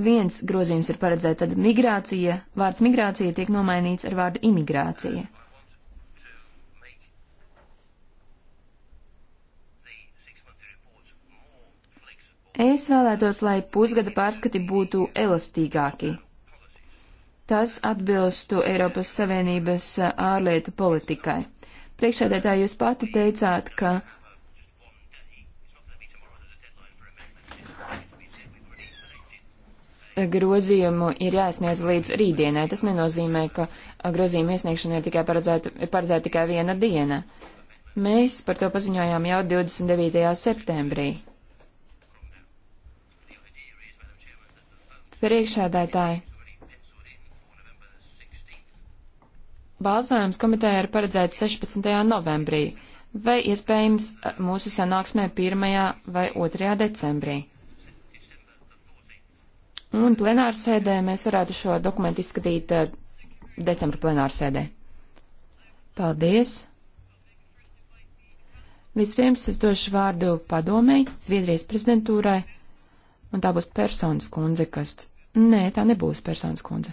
viens grozījums ir paredzēts, tad migrācija, vārds migrācija tiek nomainīts ar vārdu imigrācija. Es vēlētos, lai pusgada pārskati būtu elastīgāki. Tas atbilstu Eiropas Savienības ārlietu politikai. Priekšādētā jūs pati teicāt, ka grozījumu ir jāiesniedz līdz rītdienai. Tas nenozīmē, ka grozījumu iesniegšana ir tikai paredzēta, ir paredzēta tikai viena diena. Mēs par to paziņojām jau 29. septembrī. Priekšādātāji. Balsojums komitejā ir paredzēts 16. novembrī vai iespējams mūsu sanāksmē 1. vai 2. decembrī un plenāru sēdē mēs varētu šo dokumentu izskatīt eh, decembra plenāru sēdē. Paldies! Vispirms es došu vārdu padomēji Zviedrijas prezidentūrai, un tā būs personas kundze, kas. Nē, tā nebūs personas kundze.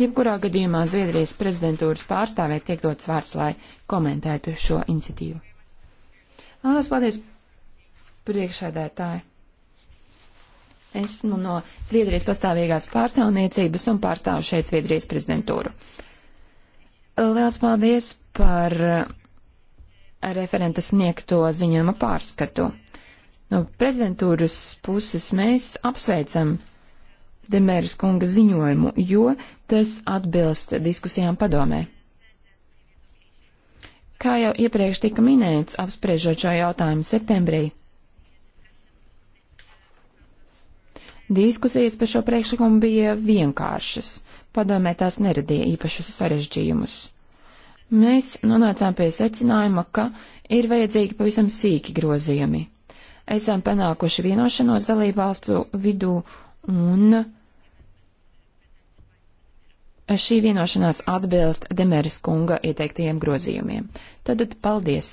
Jebkurā gadījumā Zviedrijas prezidentūras pārstāvē tiek dots vārds, lai komentētu šo iniciatīvu. Lielas paldies priekšēdētāji! Esmu no Zviedrijas pastāvīgās pārstāvniecības un pārstāvu šeit Zviedrijas prezidentūru. Liels paldies par eh, referenta sniegto ziņojuma pārskatu. No prezidentūras puses mēs apsveicam Demēras kunga ziņojumu, jo tas atbilst diskusijām padomē. Kā jau iepriekš tika minēts, apspriežot šo jautājumu septembrī, Diskusijas par šo priekšlikumu bija vienkāršas, padomē tās neradīja īpašus sarežģījumus. Mēs nonācām pie secinājuma, ka ir vajadzīgi pavisam sīki grozījumi. Esam panākuši vienošanos dalībvalstu vidū un šī vienošanās atbilst Demeris kunga ieteiktajiem grozījumiem. Tad paldies!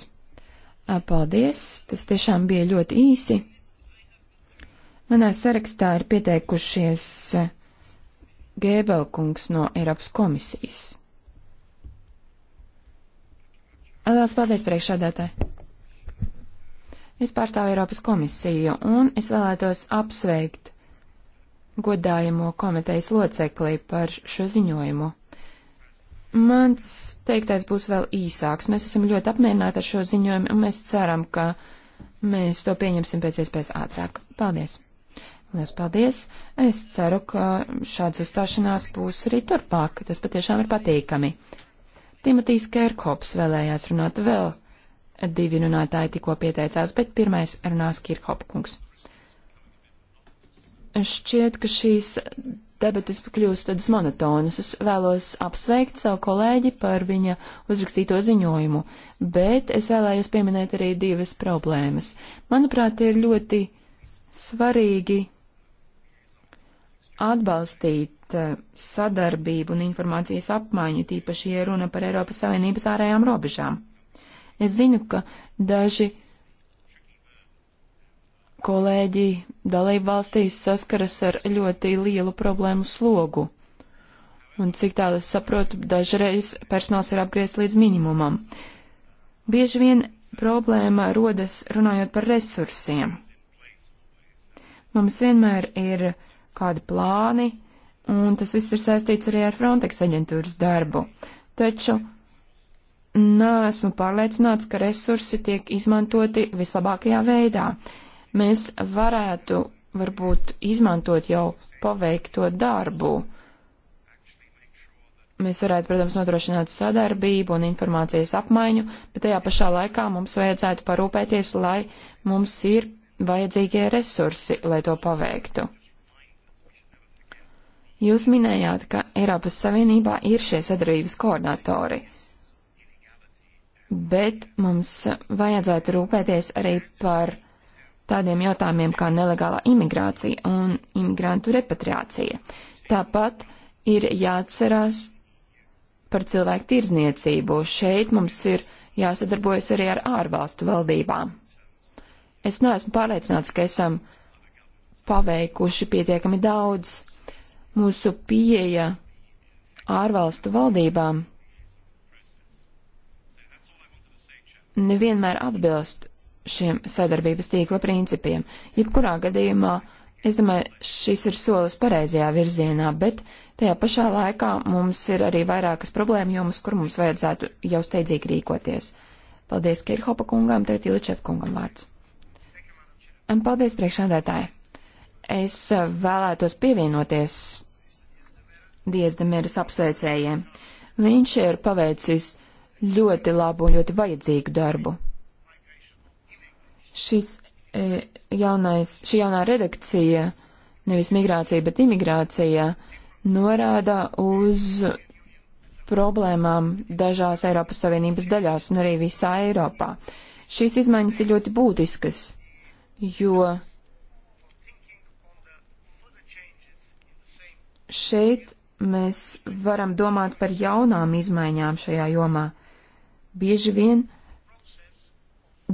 Paldies, tas tiešām bija ļoti īsi. Manā sarakstā ir pieteikušies eh, Gēbelkungs no Eiropas komisijas. Lielas paldies priekšādātāji! Es pārstāvu Eiropas komisiju un es vēlētos apsveikt godājamo komitejas loceklī par šo ziņojumu. Mans teiktais būs vēl īsāks. Mēs esam ļoti apmierināti ar šo ziņojumu un mēs ceram, ka mēs to pieņemsim pēc iespējas ātrāk. Paldies! Lielas paldies! Es ceru, ka šāds uzstāšanās būs arī turpmāk. Tas patiešām ir patīkami. Timotīs Kērkops vēlējās runāt vēl. Divi runātāji tikko pieteicās, bet pirmais runās Kirkopkungs. Šķiet, ka šīs debatas kļūst tādas monotonas. Es vēlos apsveikt savu kolēģi par viņa uzrakstīto ziņojumu, bet es vēlējos pieminēt arī divas problēmas. Manuprāt, ir ļoti svarīgi atbalstīt eh, sadarbību un informācijas apmaiņu, tīpaši, ja runa par Eiropas Savienības ārējām robežām. Es zinu, ka daži kolēģi dalību valstīs saskaras ar ļoti lielu problēmu slogu. Un cik tālu es saprotu, dažreiz personāls ir apgriezt līdz minimumam. Bieži vien problēma rodas runājot par resursiem. Mums vienmēr ir uh, kādi plāni, un tas viss ir saistīts arī ar Frontex aģentūras darbu. Taču neesmu pārliecināts, ka resursi tiek izmantoti vislabākajā veidā. Mēs varētu varbūt izmantot jau paveikto darbu. Mēs varētu, protams, nodrošināt sadarbību un informācijas apmaiņu, bet tajā pašā laikā mums vajadzētu parūpēties, lai mums ir vajadzīgie resursi, lai to paveiktu. Jūs minējāt, ka Eiropas Savienībā ir šie sadarbības koordinatori, bet mums vajadzētu rūpēties arī par tādiem jautājumiem kā nelegālā imigrācija un imigrantu repatriācija. Tāpat ir jāatcerās par cilvēku tirdzniecību. Šeit mums ir jāsadarbojas arī ar ārvalstu valdībām. Es neesmu pārliecināts, ka esam paveikuši pietiekami daudz mūsu pieeja ārvalstu valdībām nevienmēr atbilst šiem sadarbības tīkla principiem. Jebkurā gadījumā, es domāju, šis ir solis pareizajā virzienā, bet tajā pašā laikā mums ir arī vairākas problēma jomas, kur mums vajadzētu jau steidzīgi rīkoties. Paldies Kirhopa kungām, tagad Ilčev kungam vārds. Un paldies priekšādētāji! Es vēlētos pievienoties Diezdemieras apsveicējiem. Viņš ir paveicis ļoti labu un ļoti vajadzīgu darbu. Šis e, jaunais, šī jaunā redakcija, nevis migrācija, bet imigrācija, norāda uz problēmām dažās Eiropas Savienības daļās un arī visā Eiropā. Šīs izmaiņas ir ļoti būtiskas, jo Šeit mēs varam domāt par jaunām izmaiņām šajā jomā. Bieži vien,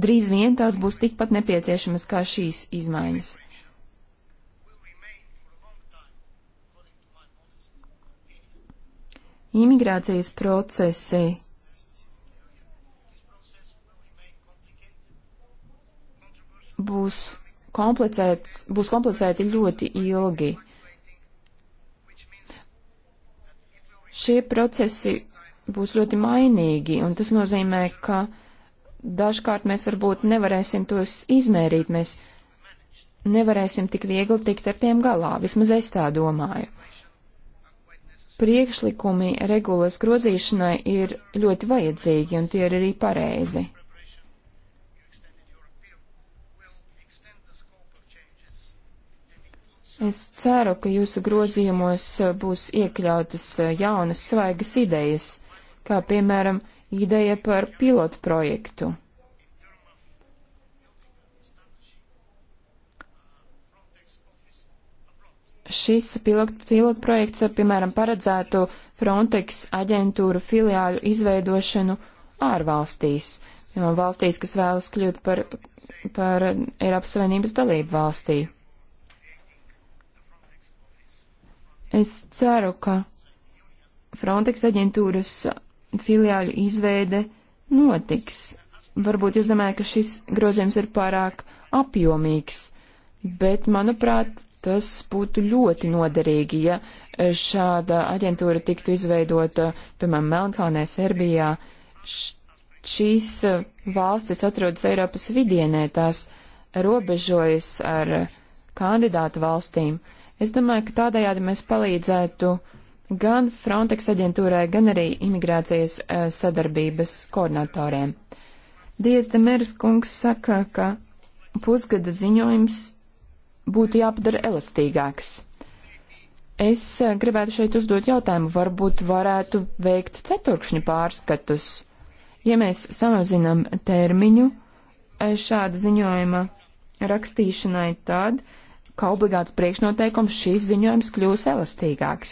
drīz vien tās būs tikpat nepieciešamas kā šīs izmaiņas. Imigrācijas procesi būs komplicēts, būs komplicēti ļoti ilgi. Šie procesi būs ļoti mainīgi, un tas nozīmē, ka dažkārt mēs varbūt nevarēsim tos izmērīt, mēs nevarēsim tik viegli tikt ar tiem galā, vismaz es tā domāju. Priekšlikumi regulas grozīšanai ir ļoti vajadzīgi, un tie ir arī pareizi. Es ceru, ka jūsu grozījumos eh, būs iekļautas eh, jaunas svaigas idejas, kā piemēram ideja par pilotu projektu. Šis pilotu projekts, eh, piemēram, paredzētu Frontex aģentūru filiāļu izveidošanu ārvalstīs, valstīs, kas vēlas kļūt par, par Eiropas Savienības dalību valstī. Es ceru, ka Frontex aģentūras filiāļu izveide notiks. Varbūt jūs domājat, ka šis grozījums ir pārāk apjomīgs, bet, manuprāt, tas būtu ļoti noderīgi, ja šāda aģentūra tiktu izveidota, piemēram, Melnkalnē, Serbijā. Šīs uh, valstis atrodas Eiropas vidienē, tās robežojas ar kandidātu valstīm. Uh, Es domāju, ka tādējādi mēs palīdzētu gan Frontex aģentūrai, gan arī imigrācijas eh, sadarbības koordinatoriem. Dievs Demers kungs saka, ka pusgada ziņojums būtu jāpadara elastīgāks. Es eh, gribētu šeit uzdot jautājumu, varbūt varētu veikt ceturkšņu pārskatus. Ja mēs samazinam termiņu eh, šāda ziņojuma rakstīšanai, tad kā obligāts priekšnoteikums šīs ziņojums kļūs elastīgāks.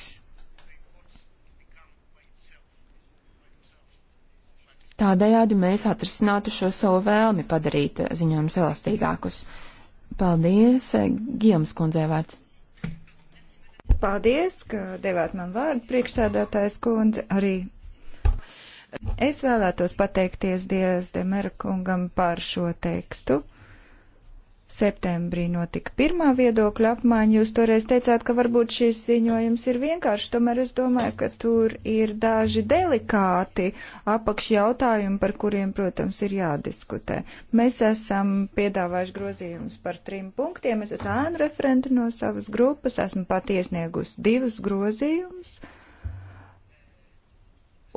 Tādējādi mēs atrisinātu šo savu vēlmi padarīt ziņojumus elastīgākus. Paldies, Gijoms kundzē vārds. Paldies, ka devāt man vārdu, priekšsēdētājs kundze, arī Es vēlētos pateikties Dievs Demera kungam par šo tekstu. Septembrī notika pirmā viedokļa apmaiņa. Jūs toreiz teicāt, ka varbūt šis ziņojums ir vienkārši, tomēr es domāju, ka tur ir daži delikāti apakš jautājumi, par kuriem, protams, ir jādiskutē. Mēs esam piedāvājuši grozījumus par trim punktiem. Es esmu ēnu referenti no savas grupas, esmu pat iesniegusi divus grozījumus.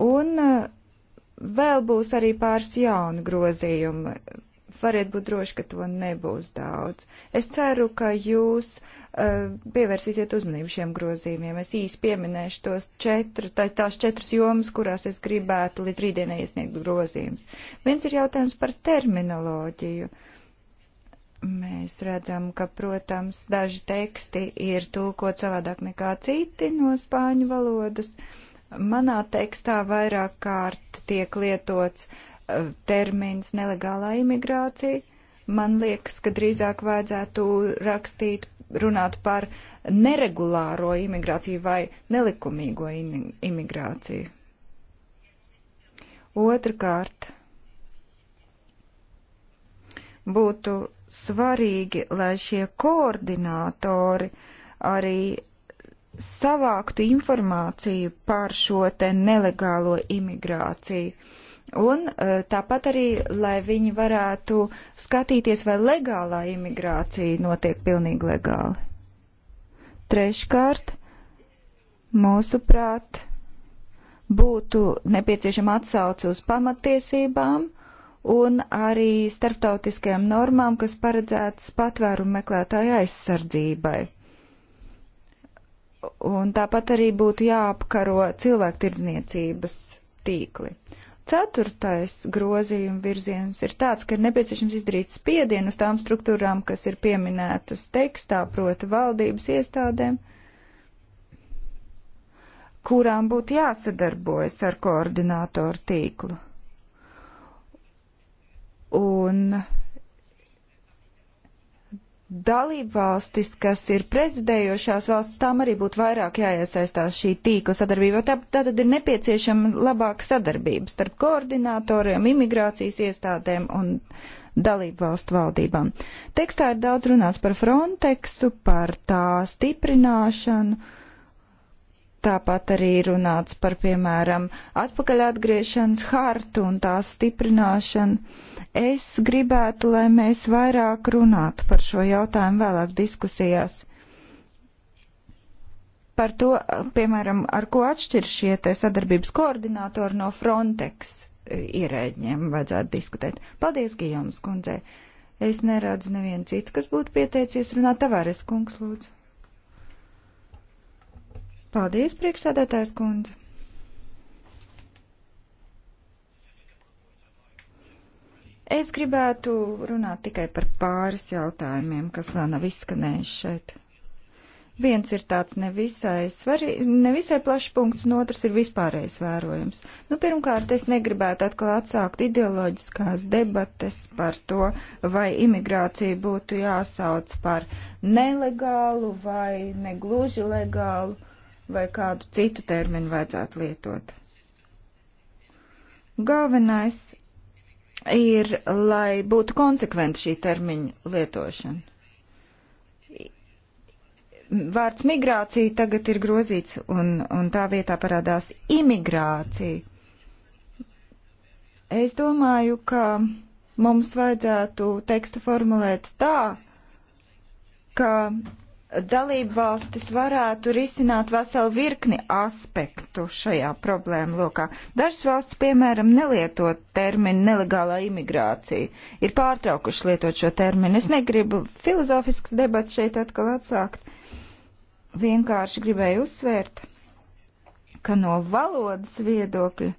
Un eh, vēl būs arī pāris jauni grozījumi variet būt droši, ka to nebūs daudz. Es ceru, ka jūs uh, pievērsīsiet uzmanību šiem grozījumiem. Es īsi pieminēšu tos četru, tā, tās četras jomas, kurās es gribētu līdz rītdienai iesniegt grozījumus. Viens ir jautājums par terminoloģiju. Mēs redzam, ka, protams, daži teksti ir tulkot savādāk nekā citi no spāņu valodas. Manā tekstā vairāk kārt tiek lietots uh, termins nelegālā imigrācija. Man liekas, ka drīzāk vajadzētu rakstīt, runāt par neregulāro imigrāciju vai nelikumīgo imigrāciju. Otrakārt, būtu svarīgi, lai šie koordinātori arī savāktu informāciju par šo te nelegālo imigrāciju Un eh, tāpat arī, lai viņi varētu skatīties, vai legālā imigrācija notiek pilnīgi legāli. Treškārt, mūsuprāt, būtu nepieciešama atsauce uz pamatiesībām un arī starptautiskajām normām, kas paredzētas patvērumu meklētāju aizsardzībai. Un tāpat arī būtu jāapkaro cilvēktirdzniecības tīkli. Ceturtais grozījuma virziens ir tāds, ka ir nepieciešams izdarīt spiedienu uz tām struktūrām, kas ir pieminētas tekstā, proti valdības iestādēm, kurām būtu jāsadarbojas ar koordinātoru tīklu. Un dalībvalstis, kas ir prezidējošās valsts, tām arī būtu vairāk jāiesaistās šī tīkla sadarbība. Tā, tā tad ir nepieciešama labāka sadarbība starp koordinatoriem, imigrācijas iestādēm un dalībvalstu valdībām. Tekstā ir daudz runāts par Frontexu, par tā stiprināšanu. Tāpat arī runāts par, piemēram, atpakaļ atgriešanas hartu un tās stiprināšanu Es gribētu, lai mēs vairāk runātu par šo jautājumu vēlāk diskusijās. Par to, piemēram, ar ko atšķir šie te sadarbības koordinātori no Frontex ierēģiem vajadzētu diskutēt. Paldies, Gijomas kundzei! Es neredzu nevienu citu, kas būtu pieteicies runāt. Tavares kungs, lūdzu. Paldies, priekšsādātājs kundze. Es gribētu runāt tikai par pāris jautājumiem, kas vēl nav izskanējuši šeit. Viens ir tāds nevisai, svari, nevisai plašs punkts, un otrs ir vispārējais vērojums. Nu, pirmkārt, es negribētu atkal atsākt ideoloģiskās debates par to, vai imigrācija būtu jāsauc par nelegālu vai negluži legālu, vai kādu citu terminu vajadzētu lietot. Galvenais ir, lai būtu konsekventi šī termiņa lietošana. Vārds migrācija tagad ir grozīts, un, un tā vietā parādās imigrācija. Es domāju, ka mums vajadzētu tekstu formulēt tā, ka dalību valstis varētu risināt veselu virkni aspektu šajā problēmu lokā. Dažas valsts, piemēram, nelietot terminu nelegālā imigrācija, ir pārtraukuši lietot šo terminu. Es negribu filozofisks debats šeit atkal atsākt. Vienkārši gribēju uzsvērt, ka no valodas viedokļa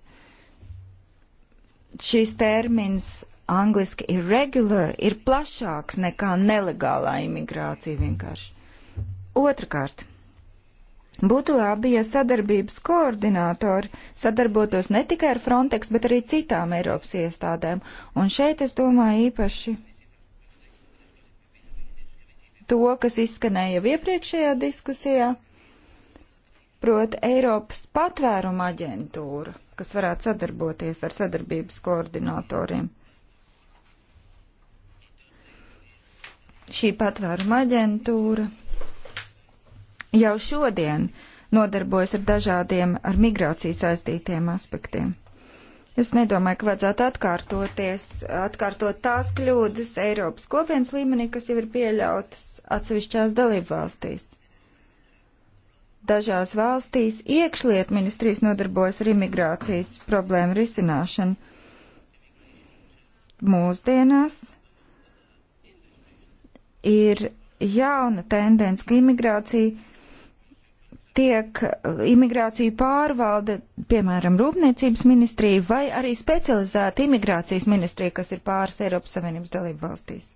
šīs termins angliski irregular ir plašāks nekā nelegālā imigrācija vienkārši Otrakārt, būtu labi, ja sadarbības koordinātori sadarbotos ne tikai ar Frontex, bet arī citām Eiropas iestādēm. Un šeit es domāju īpaši to, kas izskanēja jau iepriekšējā diskusijā, proti Eiropas patvēruma aģentūra, kas varētu sadarboties ar sadarbības koordinatoriem. Šī patvēruma aģentūra jau šodien nodarbojas ar dažādiem ar migrācijas saistītiem aspektiem. Es nedomāju, ka vajadzētu atkārtoties, atkārtot tās kļūdas Eiropas kopienas līmenī, kas jau ir pieļautas atsevišķās dalību valstīs. Dažās valstīs iekšliet ministrijas nodarbojas ar imigrācijas problēmu risināšanu. Mūsdienās ir jauna tendence, ka imigrācija tiek eh, imigrācija pārvalda, piemēram, Rūpniecības ministrija vai arī specializēta imigrācijas ministrija, kas ir pāris Eiropas Savienības dalību valstīs.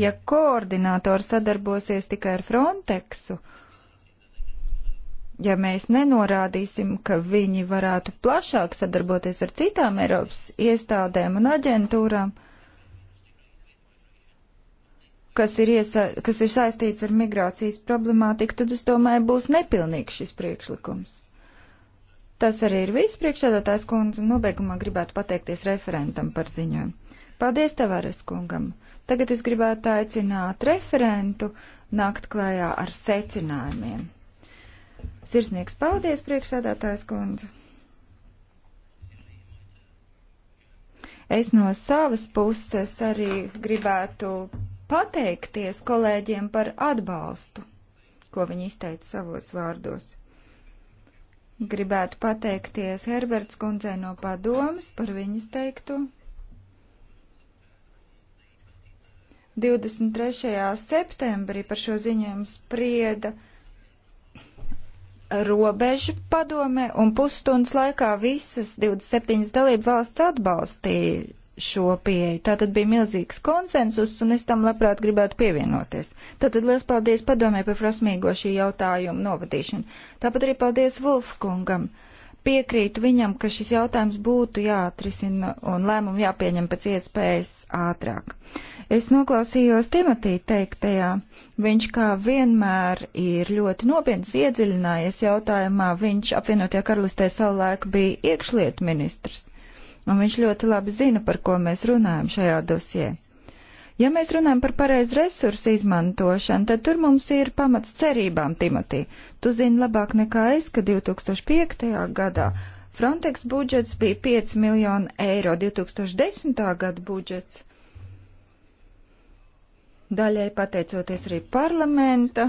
Ja koordinātori sadarbosies tikai ar Frontexu, ja mēs nenorādīsim, ka viņi varētu plašāk sadarboties ar citām Eiropas iestādēm un aģentūrām, kas ir, iesa, kas ir saistīts ar migrācijas problemātiku, tad es domāju, būs nepilnīgs šis priekšlikums. Tas arī ir viss priekšsēdētājs kundze, un nobeigumā gribētu pateikties referentam par ziņojumu. Paldies Tavares kungam. Tagad es gribētu aicināt referentu nākt klājā ar secinājumiem. Sirsnieks, paldies priekšsēdētājs kundze. Es no savas puses arī gribētu pateikties kolēģiem par atbalstu, ko viņi izteica savos vārdos. Gribētu pateikties Herberts kundzei no padomas par viņas teikto. 23. septembrī par šo ziņojumu sprieda robežu padomē, un pusstundas laikā visas 27 dalību valsts atbalstīja šo pieeju. Tā tad bija milzīgs konsensus, un es tam labprāt gribētu pievienoties. Tātad liels paldies padomē par prasmīgo šī jautājuma novadīšanu. Tāpat arī paldies Vulfkungam. Piekrītu viņam, ka šis jautājums būtu jāatrisina un lēmumu jāpieņem pēc iespējas ātrāk. Es noklausījos Timotī teiktajā. Viņš kā vienmēr ir ļoti nopietns iedziļinājies jautājumā. Viņš apvienotajā karalistē savulaik bija iekšlietu ministrs un viņš ļoti labi zina, par ko mēs runājam šajā dosijā. Ja mēs runājam par pareizu resursu izmantošanu, tad tur mums ir pamats cerībām, Timotī. Tu zini labāk nekā es, ka 2005. gadā Frontex budžets bija 5 miljoni eiro, 2010. gada budžets. Daļai pateicoties arī parlamenta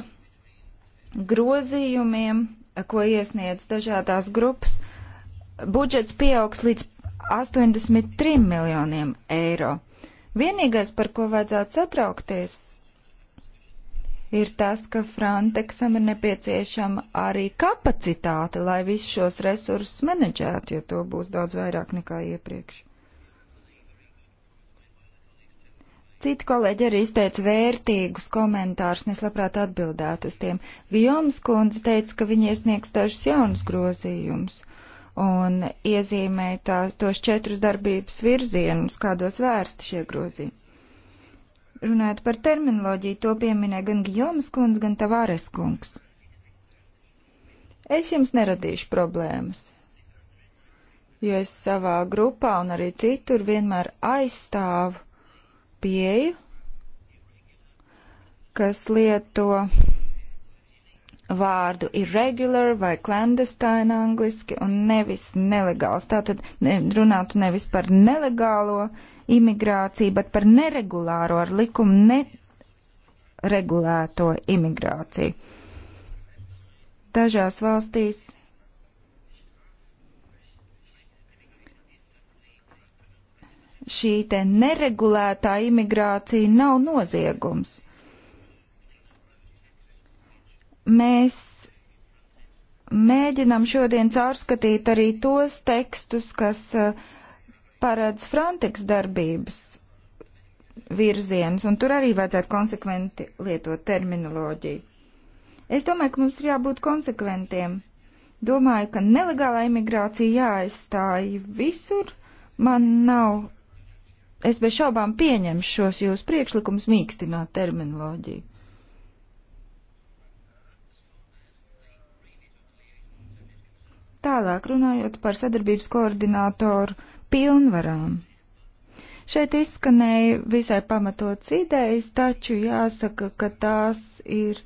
grozījumiem, ko iesniedz dažādās grupas, budžets pieaugs līdz 83 miljoniem eiro. Vienīgais, par ko vajadzētu satraukties, ir tas, ka Frontexam ir nepieciešama arī kapacitāte, lai visus šos resursus menedžētu, jo to būs daudz vairāk nekā iepriekš. Citi kolēģi arī izteica vērtīgus komentārus, un es labprāt atbildētu uz tiem. Gijoms kundze teica, ka viņi iesniegs dažus jaunus grozījumus, un iezīmēt tās, tos četrus darbības virzienus, kādos vērsti šie grozījumi. Runājot par terminoloģiju, to pieminē gan Gijomas kundze, gan Tavāres kungs. Es jums neradīšu problēmas, jo es savā grupā un arī citur vienmēr aizstāvu pieeju, kas lieto vārdu ir regular vai clandestine angliski un nevis nelegāls. Tātad ne, runātu nevis par nelegālo imigrāciju, bet par neregulāro ar likumu neregulēto imigrāciju. Dažās valstīs šī te neregulētā imigrācija nav noziegums. Mēs mēģinām šodien caurskatīt arī tos tekstus, kas eh, paredz Frontex darbības virzienus, un tur arī vajadzētu konsekventi lietot terminoloģiju. Es domāju, ka mums ir jābūt konsekventiem. Domāju, ka nelegālā imigrācija jāaizstāj visur. Man nav, es bez šaubām pieņemšu šos jūsu priekšlikumus mīkstināt terminoloģiju. Tālāk runājot par sadarbības koordinātoru pilnvarām. Šeit izskanēja visai pamatots idejas, taču jāsaka, ka tās ir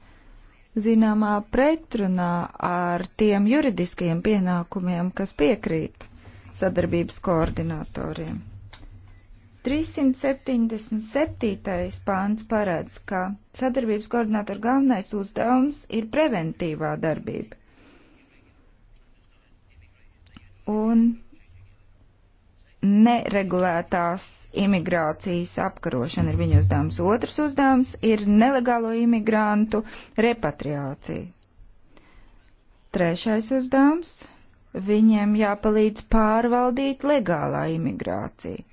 zināmā pretrunā ar tiem juridiskajiem pienākumiem, kas piekrīt sadarbības koordinatoriem. 377. pāns paredz, ka sadarbības koordinatoru galvenais uzdevums ir preventīvā darbība un neregulētās imigrācijas apkarošana ir viņu uzdevums. Otrs uzdevums ir nelegālo imigrantu repatriācija. Trešais uzdevums - viņiem jāpalīdz pārvaldīt legālā imigrācija.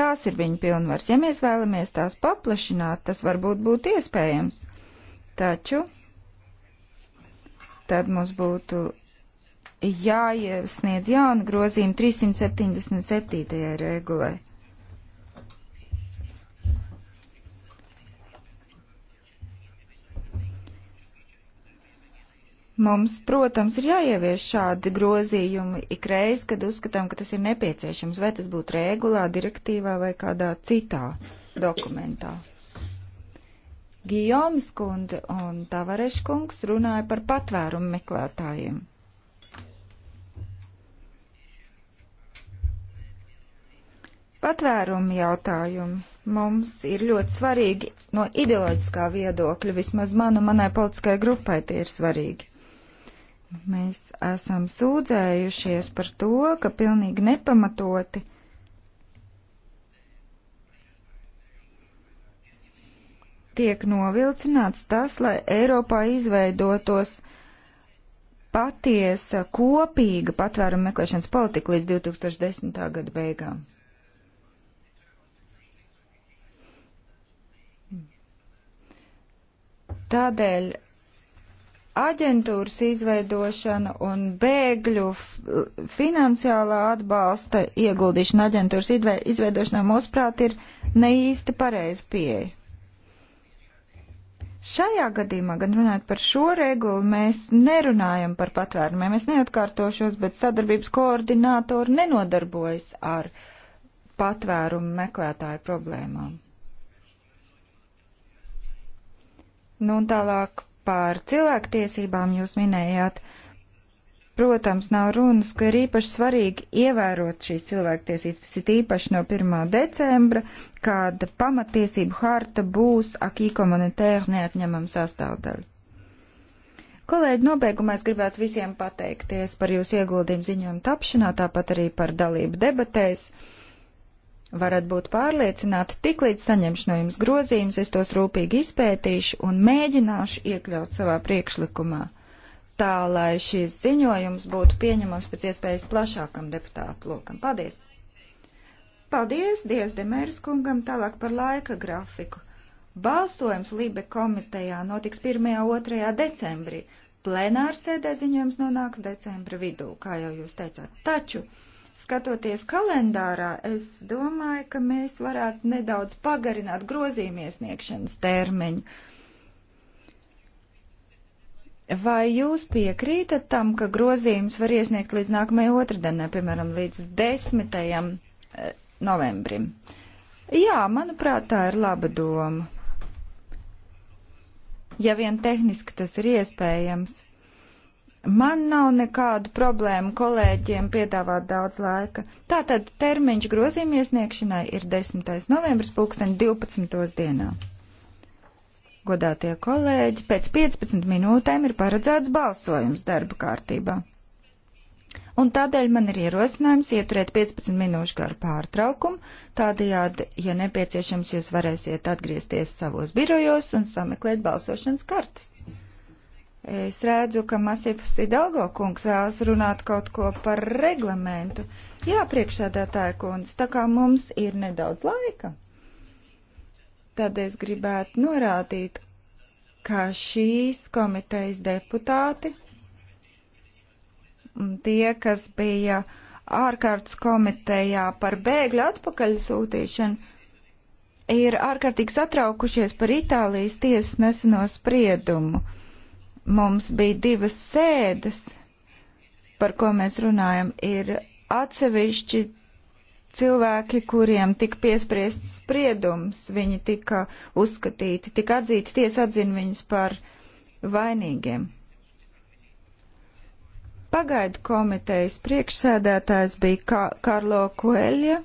Tās ir viņa pilnvars. Ja mēs vēlamies tās paplašināt, tas varbūt būtu iespējams. Taču tad mums būtu jāiesniedz jauna grozījuma 377. regulē. Mums, protams, ir jāievieš šādi grozījumi ikreiz, kad uzskatām, ka tas ir nepieciešams, vai tas būtu regulā, direktīvā vai kādā citā dokumentā. Gijomas kundze un Tavareša kungs runāja par patvērumu meklētājiem. Patvērumu jautājumi mums ir ļoti svarīgi no ideoloģiskā viedokļa, vismaz man un manai politiskajai grupai tie ir svarīgi. Mēs esam sūdzējušies par to, ka pilnīgi nepamatoti tiek novilcināts tas, lai Eiropā izveidotos patiesa kopīga patvērumu meklēšanas politika līdz 2010. gada beigām. Tādēļ aģentūras izveidošana un bēgļu finansiālā atbalsta ieguldīšana aģentūras izveidošanā, mūsuprāt, ir ne īsti pareizi pieeja. Šajā gadījumā, gan runājot par šo regulu, mēs nerunājam par patvērumiem, es neatkārtošos, bet sadarbības koordinātori nenodarbojas ar patvērumu meklētāju problēmām. Nu un tālāk par cilvēktiesībām jūs minējāt. Protams, nav runas, ka ir īpaši svarīgi ievērot šīs cilvēktiesības, it īpaši no 1. decembra, kad pamatiesību harta būs akī komunitēra neatņemama sastāvdaļa. Kolēģi, nobeigumā es gribētu visiem pateikties par jūsu ieguldījumu ziņojumu tapšanā, tāpat arī par dalību debatēs. Varat būt pārliecināti, tiklīdz saņemšu no jums grozījumus, es tos rūpīgi izpētīšu un mēģināšu iekļaut savā priekšlikumā, tā lai šīs ziņojums būtu pieņemams pēc iespējas plašākam deputātu lokam. Paldies! Paldies, Dievs Demērs kungam, tālāk par laika grafiku. Balsojums Libe komitejā notiks 1.2. decembrī. Plenārsēdē ziņojums nonāks decembra vidū, kā jau jūs teicāt. Taču Skatoties kalendārā, es domāju, ka mēs varētu nedaudz pagarināt grozījuma iesniegšanas termiņu. Vai jūs piekrītat tam, ka grozījums var iesniegt līdz nākamajai otrdienai, piemēram, līdz 10. Eh, novembrim? Jā, manuprāt, tā ir laba doma. Ja vien tehniski tas ir iespējams. Man nav nekādu problēmu kolēģiem piedāvāt daudz laika. Tātad termiņš grozījuma iesniegšanai ir 10. novembris, pulksten 12. dienā. Godātie kolēģi, pēc 15 minūtēm ir paredzēts balsojums darba kārtībā. Un tādēļ man ir ierosinājums ieturēt 15 minūšu garu pārtraukumu, tādējādi, ja nepieciešams, jūs varēsiet atgriezties savos birojos un sameklēt balsošanas kartes. Es redzu, ka Masips Idalgo kungs vēlas runāt kaut ko par reglamentu. Jā, priekšsēdētāja kundze, tā kā mums ir nedaudz laika, tad es gribētu norādīt, ka šīs komitejas deputāti un tie, kas bija ārkārtas komitejā par bēgļu atpakaļsūtīšanu, ir ārkārtīgi satraukušies par Itālijas tiesas neseno spriedumu Mums bija divas sēdes, par ko mēs runājam, ir atsevišķi cilvēki, kuriem tika piespriests spriedums, viņi tika uzskatīti, tika atzīti, tiesa atzina viņus par vainīgiem. Pagaidu komitejas priekšsēdētājs bija Ka Karlo Kueļa.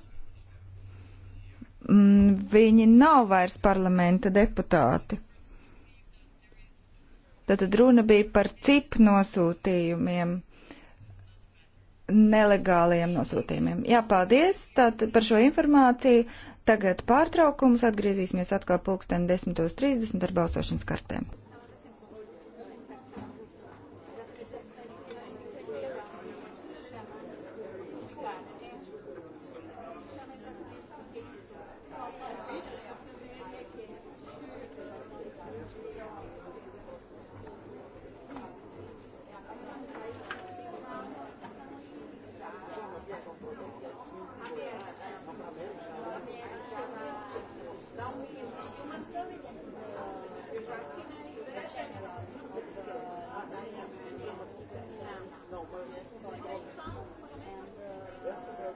Mm, viņi nav vairs parlamenta deputāti. Tātad runa bija par cip nosūtījumiem, nelegāliem nosūtījumiem. Jā, paldies tātad par šo informāciju. Tagad pārtraukums, atgriezīsimies atkal pulksten 10.30 ar balsošanas kartēm. No, but... Yes, so I go. And... Uh, yes,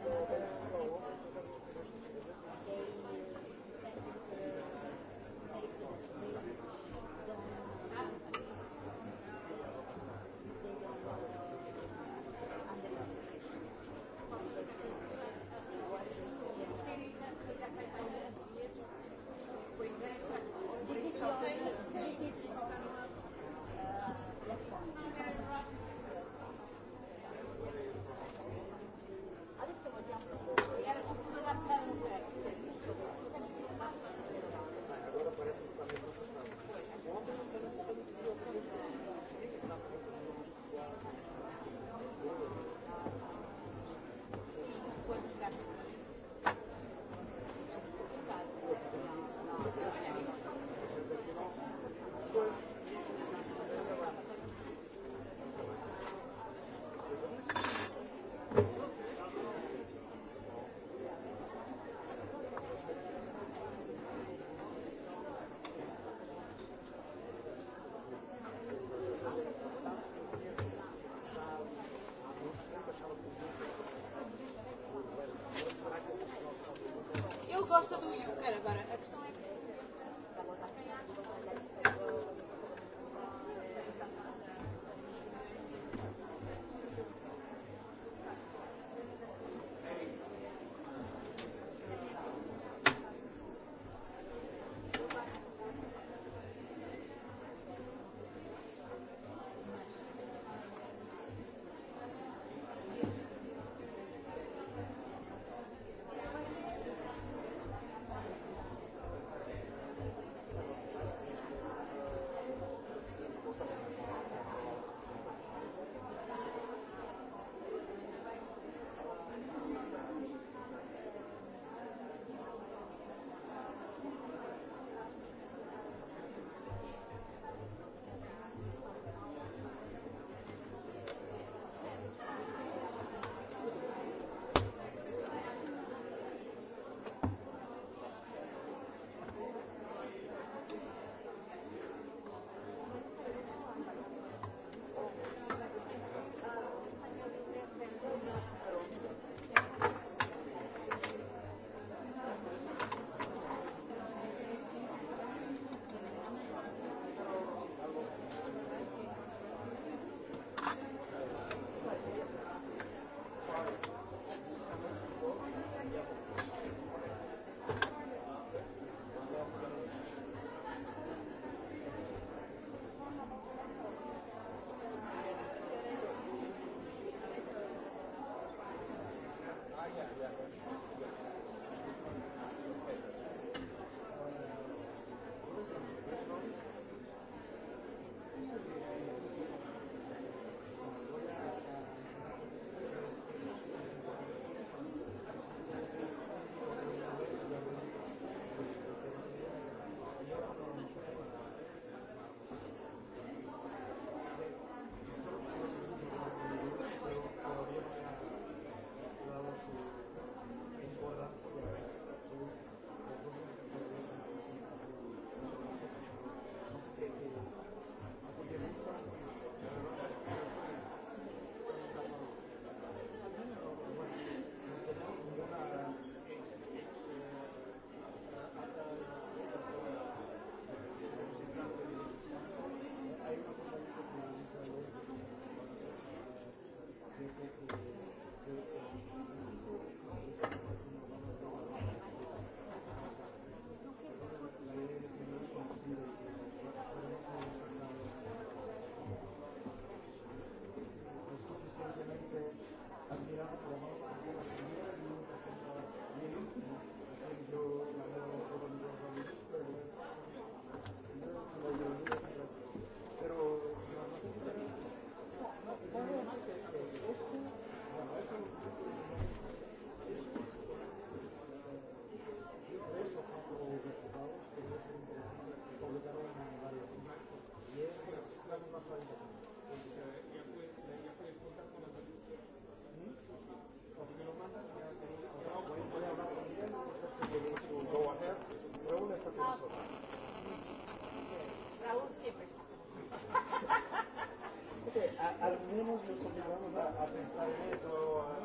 al menos nos obligamos a, a pensar en eso, a,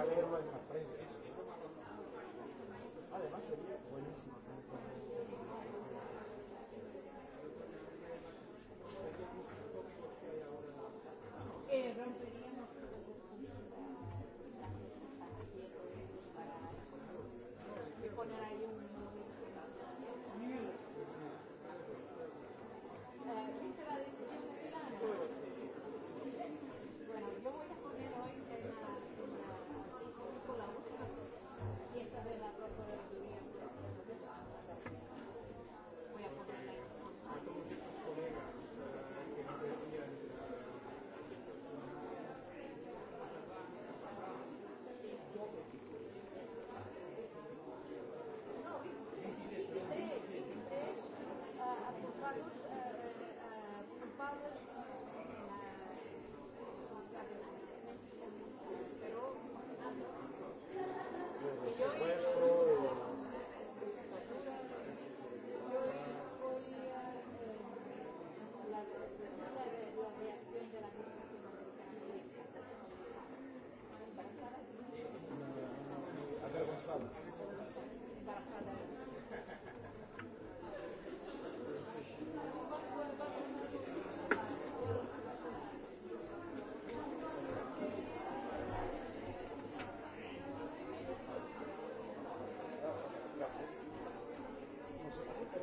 a leerlo en la prensa. Además sería buenísimo.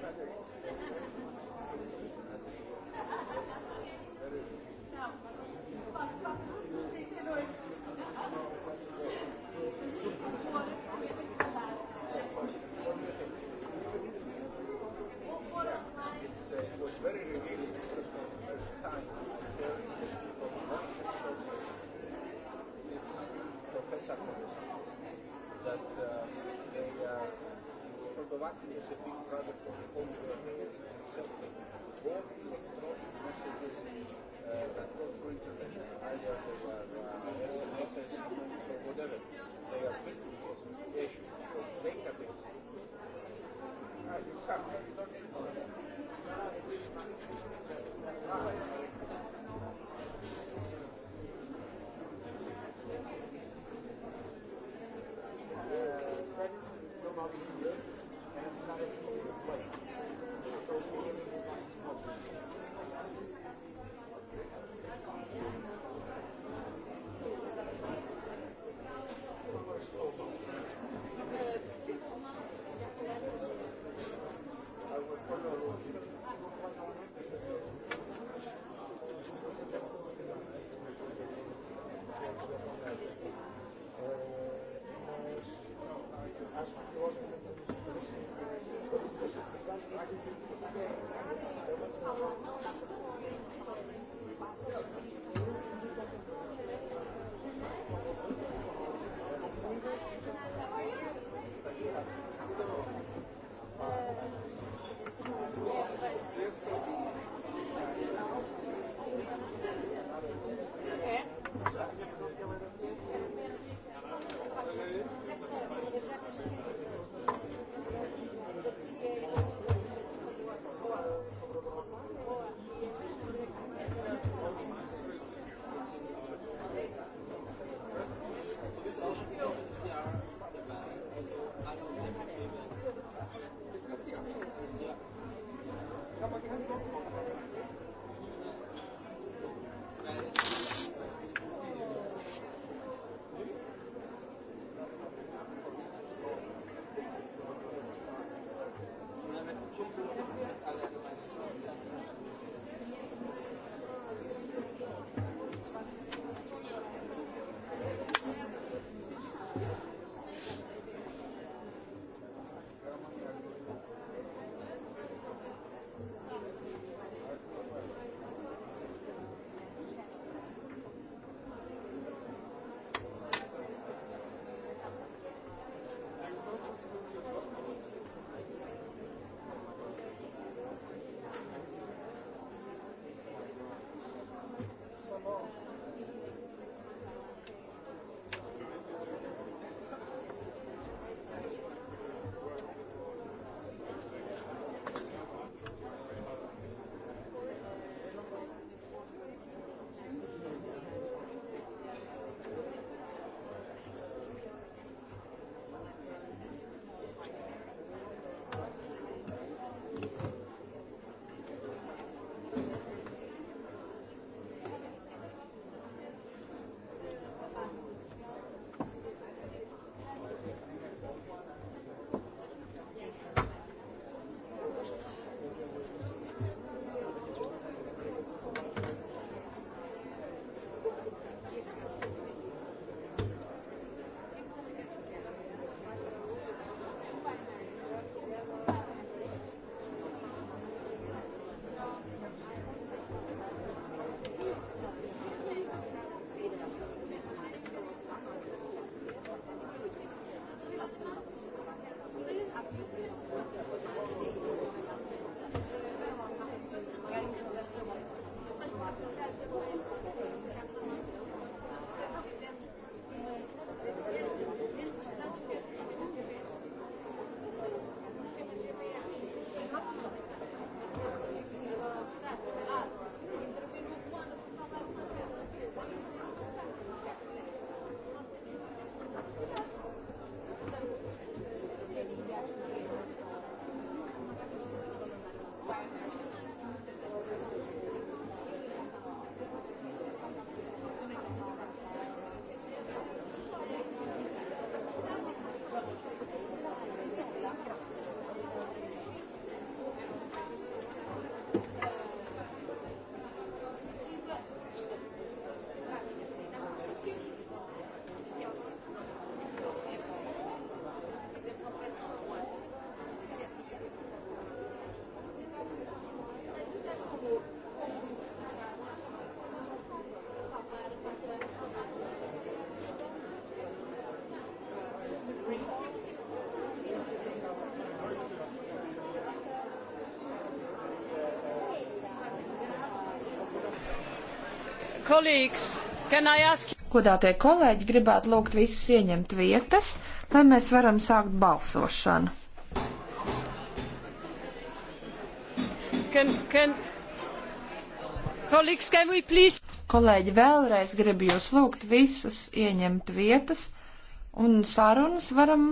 Thank you. what is a big project for the whole world itself. What electronic messages uh, that go through internet, either they were uh, SMS or whatever, they are filtering it. They should show database. Ah, you come, you don't need more. Thank you. Godātie kolēģi, gribētu lūgt visus ieņemt vietas, lai mēs varam sākt balsošanu. Can, can... Colleagues, can we please... Kolēģi, vēlreiz gribu jūs lūgt visus ieņemt vietas, un sarunas varam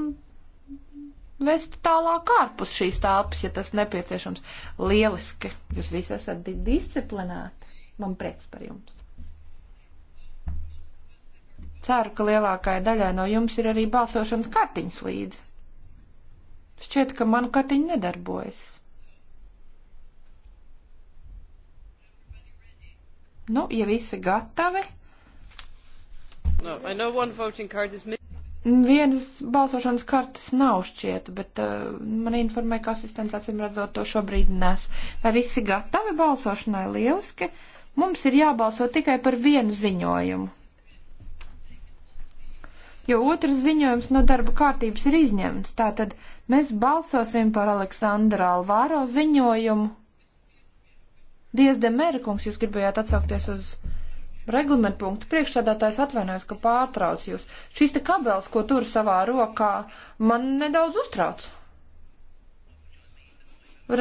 vest tālāk ārpus šīs telpas, ja tas nepieciešams. Lieliski! Jūs visi esat disciplinēti. Man prieks par jums! Ceru, ka lielākajai daļai no jums ir arī balsošanas kartiņas līdzi. Šķiet, ka mana kartiņa nedarbojas. Nu, ja visi gatavi. No, Vienas balsošanas kartes nav šķiet, bet uh, man informēja, ka asistents acīm redzot to šobrīd nes. Vai visi gatavi balsošanai? Lieliski. Mums ir jābalso tikai par vienu ziņojumu jo otrs ziņojums no darba kārtības ir izņemts. Tātad mēs balsosim par Aleksandra Alvāro ziņojumu. Diezdem Mērkungs, jūs gribējāt atsaukties uz reglamentu punktu. Priekšsādātājs atvainojas, ka pārtrauc jūs. Šis te kabels, ko tur savā rokā, man nedaudz uztrauc.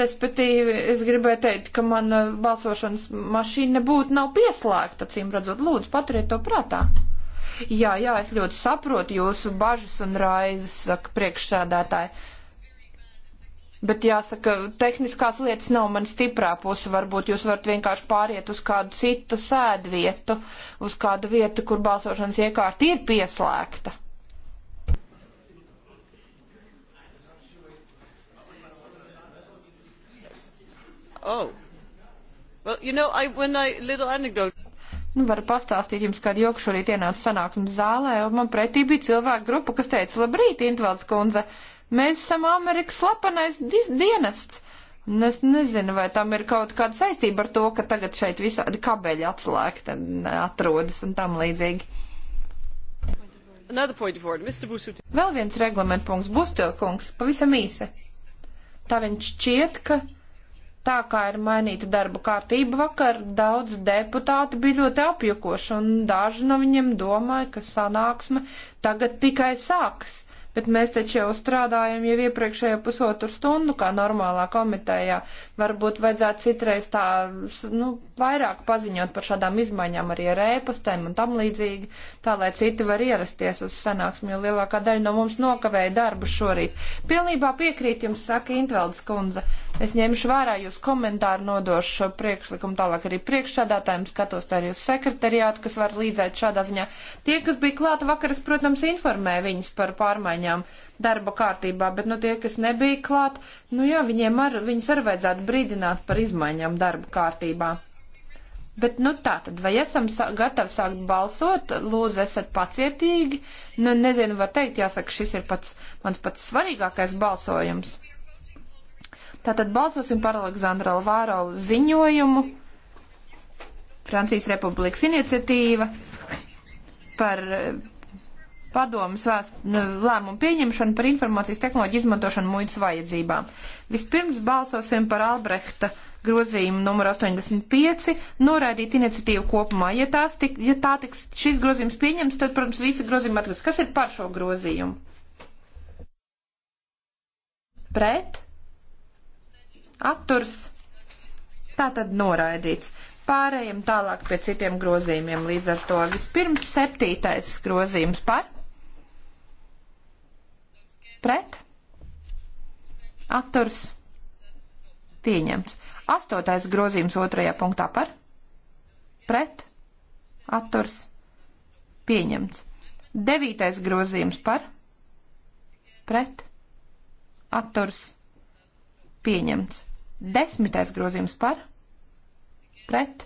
Respektīvi, es gribēju teikt, ka man eh, balsošanas mašīna nebūtu nav pieslēgta, cīm redzot, lūdzu, paturiet to prātā. Jā, jā, es ļoti saprotu jūsu bažas un raizes, saka priekšsēdētāji. Bet jāsaka, tehniskās lietas nav man stiprā puse. Varbūt jūs varat vienkārši pāriet uz kādu citu sēdvietu, uz kādu vietu, kur balsošanas iekārta ir pieslēgta. Oh. Well, you know, I, when I, little anecdote. Nu, varu pastāstīt jums, kad joku šorīt ienāca sanāksmes zālē, un man pretī bija cilvēku grupa, kas teica, labrīt, Intvalds kundze, mēs esam Amerikas slapanais dienests. Un es nezinu, vai tam ir kaut kāda saistība ar to, ka tagad šeit visādi kabeļi atslēgti atrodas un tam līdzīgi. Vēl viens reglamentu punkts, Bustilkungs, pavisam īsi. Tā viņš šķiet, ka tā kā ir mainīta darba kārtība vakar, daudz deputāti bija ļoti apjukoši, un daži no viņiem domāja, ka sanāksme tagad tikai sāks bet mēs taču jau strādājam jau iepriekšējo pusotru stundu kā normālā komitejā. Varbūt vajadzētu citreiz tā, nu, vairāk paziņot par šādām izmaiņām arī ar ēpastēm un tam līdzīgi, tā lai citi var ierasties uz sanāksmi, jo lielākā daļa no mums nokavēja darbu šorīt. Pilnībā piekrīt jums, saka Intveldes kundze. Es ņemšu vērā jūs komentāru, nodošu šo priekšlikumu tālāk arī priekšsādātājiem, skatos tā arī uz sekretariātu, kas var līdzēt šādā ziņā. Tie, kas bija klāta vakar, es, protams, informēju viņus par pārmaiņu izmaiņām darba kārtībā, bet, nu, tie, kas nebija klāt, nu jā, viņiem ar, viņus arī vajadzētu brīdināt par izmaiņām darba kārtībā. Bet, nu, tā tad, vai esam sā, gatavi sākt balsot, lūdzu, esat pacietīgi, nu, nezinu, var teikt, jāsaka, šis ir pats, mans pats svarīgākais balsojums. Tātad balsosim par Aleksandra Alvāro ziņojumu, Francijas Republikas iniciatīva par padomas nu, lēmumu pieņemšanu par informācijas tehnoloģiju izmantošanu muitas vajadzībām. Vispirms balsosim par Albrehta grozījumu numur 85, noraidīt iniciatīvu kopumā. Ja, tik, ja tā tiks šis grozījums pieņems, tad, protams, visi grozījumi atkarīgs. Kas ir par šo grozījumu? Pret? Atturs? Tā tad noraidīts pārējiem tālāk pie citiem grozījumiem. Līdz ar to vispirms septītais grozījums par Pret? Atturs? Pieņemts. Astotais grozījums otrajā punktā par? Pret? Atturs? Pieņemts. Devītais grozījums par? Pret? Atturs? Pieņemts. Desmitais grozījums par? Pret?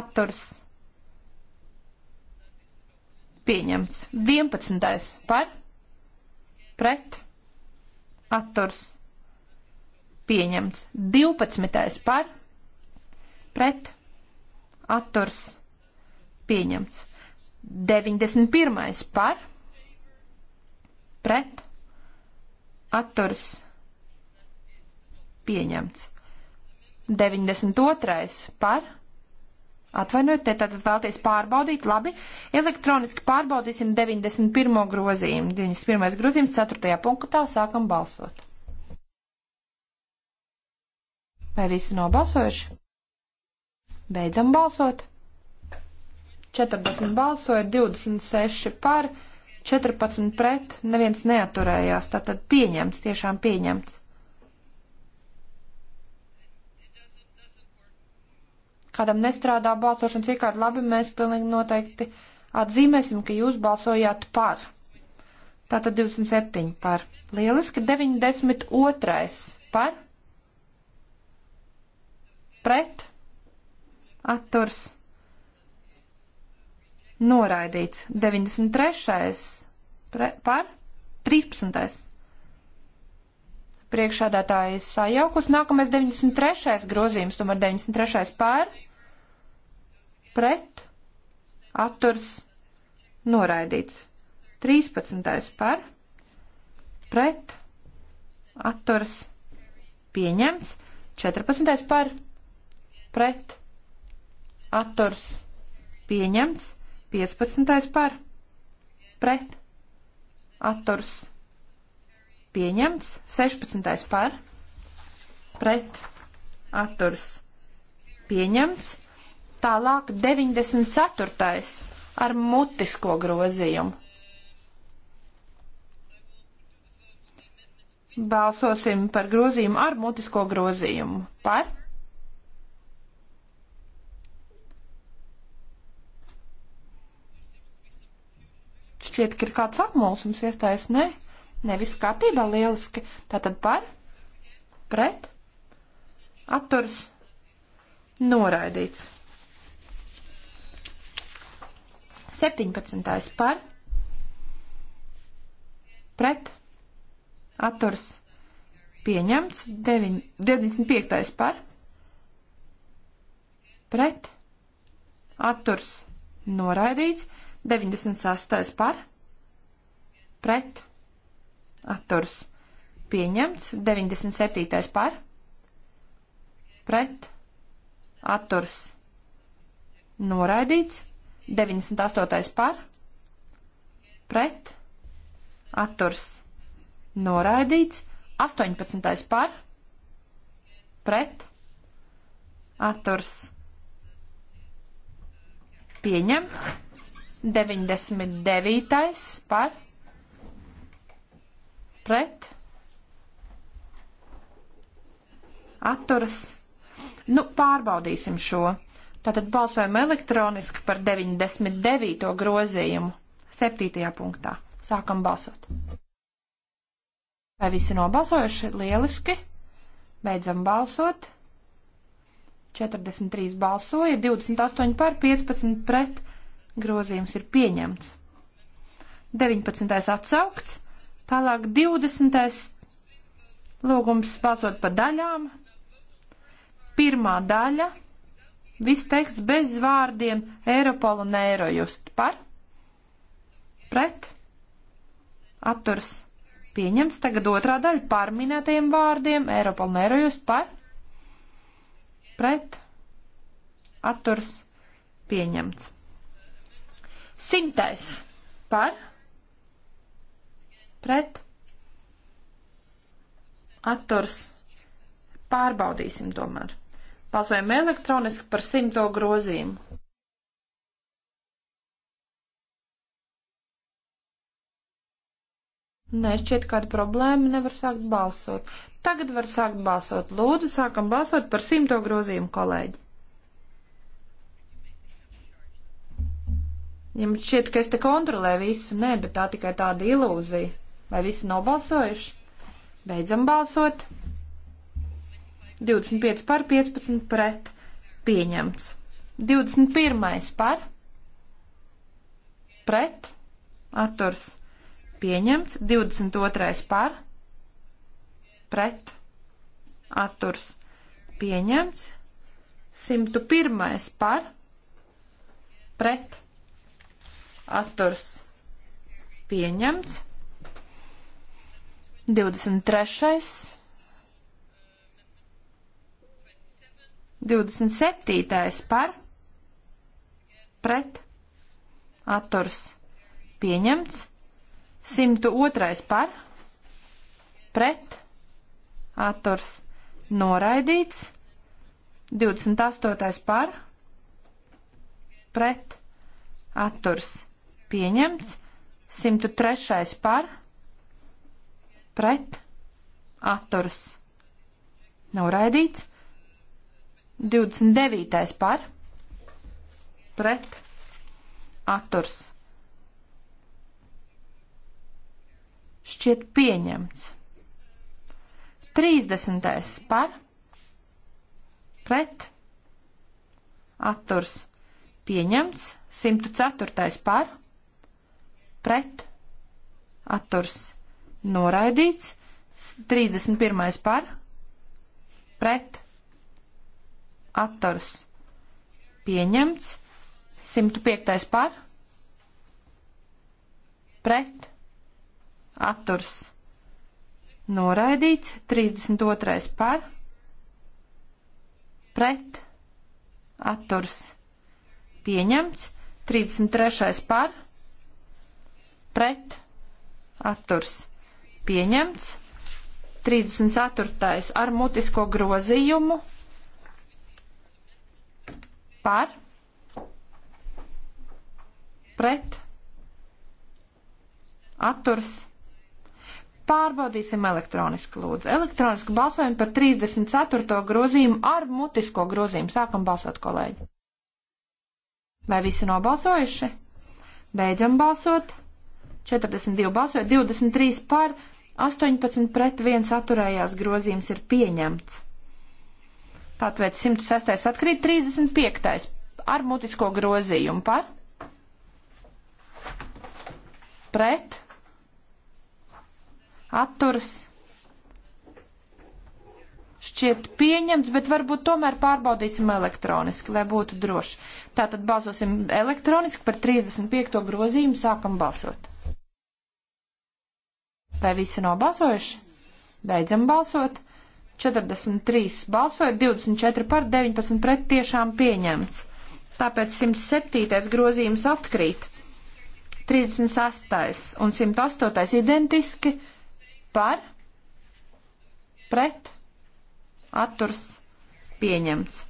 Atturs? Pieņemts. Vienpadsmitais par? pret, atturs, pieņemts. 12. par, pret, atturs, pieņemts. 91. par, pret, atturs, pieņemts. 92. par, Atvainojiet, te tātad vēlties pārbaudīt, labi, elektroniski pārbaudīsim 91. grozījumu. 91. grozījums 4. punktā sākam balsot. Vai visi nobalsojuši? Beidzam balsot. 40 balsoja, 26 par, 14 pret, neviens neaturējās, tātad pieņemts, tiešām pieņemts. kādam nestrādā balsošanas iekārta, labi, mēs pilnīgi noteikti atzīmēsim, ka jūs balsojāt par. Tātad 27 par. Lieliski 92 par. Pret. Atturs. Noraidīts. 93. Pre, par. 13. Priekšādātāji sajaukus. Nākamais 93. grozījums, tomēr 93. pār pret, atturs, noraidīts. 13. par, pret, atturs, pieņemts. 14. par, pret, atturs, pieņemts. 15. par, pret, atturs, pieņemts. 16. par, pret, atturs, pieņemts. Tālāk 94. ar mutisko grozījumu. Balsosim par grozījumu ar mutisko grozījumu. Par? Šķiet, ka ir kāds apmulsums iestājas, ne? Nevis skatībā lieliski. Tātad par? Pret? Atturs? Noraidīts. 17. par, pret, atturs, pieņemts, 9, 95. par, pret, atturs, noraidīts, 96. par, pret, atturs, pieņemts, 97. par, pret, atturs, noraidīts, 98. par, pret, atturs, noraidīts, 18. par, pret, atturs, pieņemts, 99. par, pret, atturs. Nu, pārbaudīsim šo. Tātad balsojam elektroniski par 99. grozījumu 7. punktā. Sākam balsot. Vai visi nobalsojuši? Lieliski. Beidzam balsot. 43 balsoja, 28 par, 15 pret. Grozījums ir pieņemts. 19. atsaukts. Tālāk 20. lūgums balsot pa daļām. Pirmā daļa Viss teksts bez vārdiem Eiropol un Eirojust par, pret, atturs pieņems. Tagad otrā daļa par minētajiem vārdiem Eiropol un Eirojust par, pret, atturs pieņemts. Simtais par, pret, atturs pārbaudīsim tomēr. Balsojam elektroniski par simto grozījumu. Nē, šķiet kāda problēma, nevar sākt balsot. Tagad var sākt balsot. Lūdzu, sākam balsot par simto grozījumu, kolēģi. Jums šķiet, ka es te kontrolēju visu, nē, bet tā tikai tāda ilūzija. Vai visi nobalsojuši? Beidzam balsot. 25 par, 15 pret, pieņemts. 21 par, pret, atturs, pieņemts. 22 par, pret, atturs, pieņemts. 101 par, pret, atturs, pieņemts. 23. 27. par pret atturs pieņemts. 102. par pret atturs noraidīts. 28. par pret atturs pieņemts. 103. par pret atturs noraidīts. 29. par, pret, atturs. Šķiet pieņemts. 30. par, pret, atturs. Pieņemts. 104. par, pret, atturs. Noraidīts. 31. par, pret, atturs atturs pieņemts. 105. par, pret, atturs noraidīts. 32. par, pret, atturs pieņemts. 33. par, pret, atturs pieņemts. 34. ar mutisko grozījumu par, pret, atturs. Pārbaudīsim elektroniski lūdzu. Elektroniski balsojam par 34. grozījumu ar mutisko grozījumu. Sākam balsot, kolēģi. Vai visi nobalsojuši? Beidzam balsot. 42 balsoja, 23 par, 18 pret 1 atturējās grozījums ir pieņemts. Tāpēc 106. atkrīt 35. ar mutisko grozījumu par pret atturas šķiet pieņemts, bet varbūt tomēr pārbaudīsim elektroniski, lai būtu droši. Tātad balsosim elektroniski par 35. grozījumu, sākam balsot. Vai visi nav balsojuši? Beidzam balsot. 43 balsojot, 24 par, 19 pret tiešām pieņemts. Tāpēc 107. grozījums atkrīt. 36. un 108. identiski par, pret, atturs pieņemts.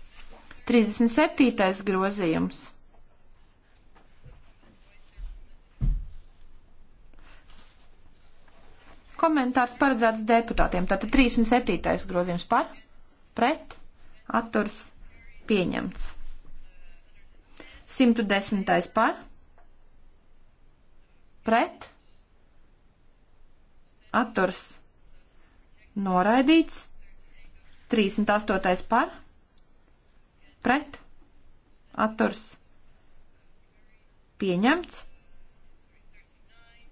37. grozījums Komentārs paredzēts deputātiem. Tātad 37. grozījums par, pret, atturs pieņemts. 110. par, pret, atturs noraidīts. 38. par, pret, atturs pieņemts.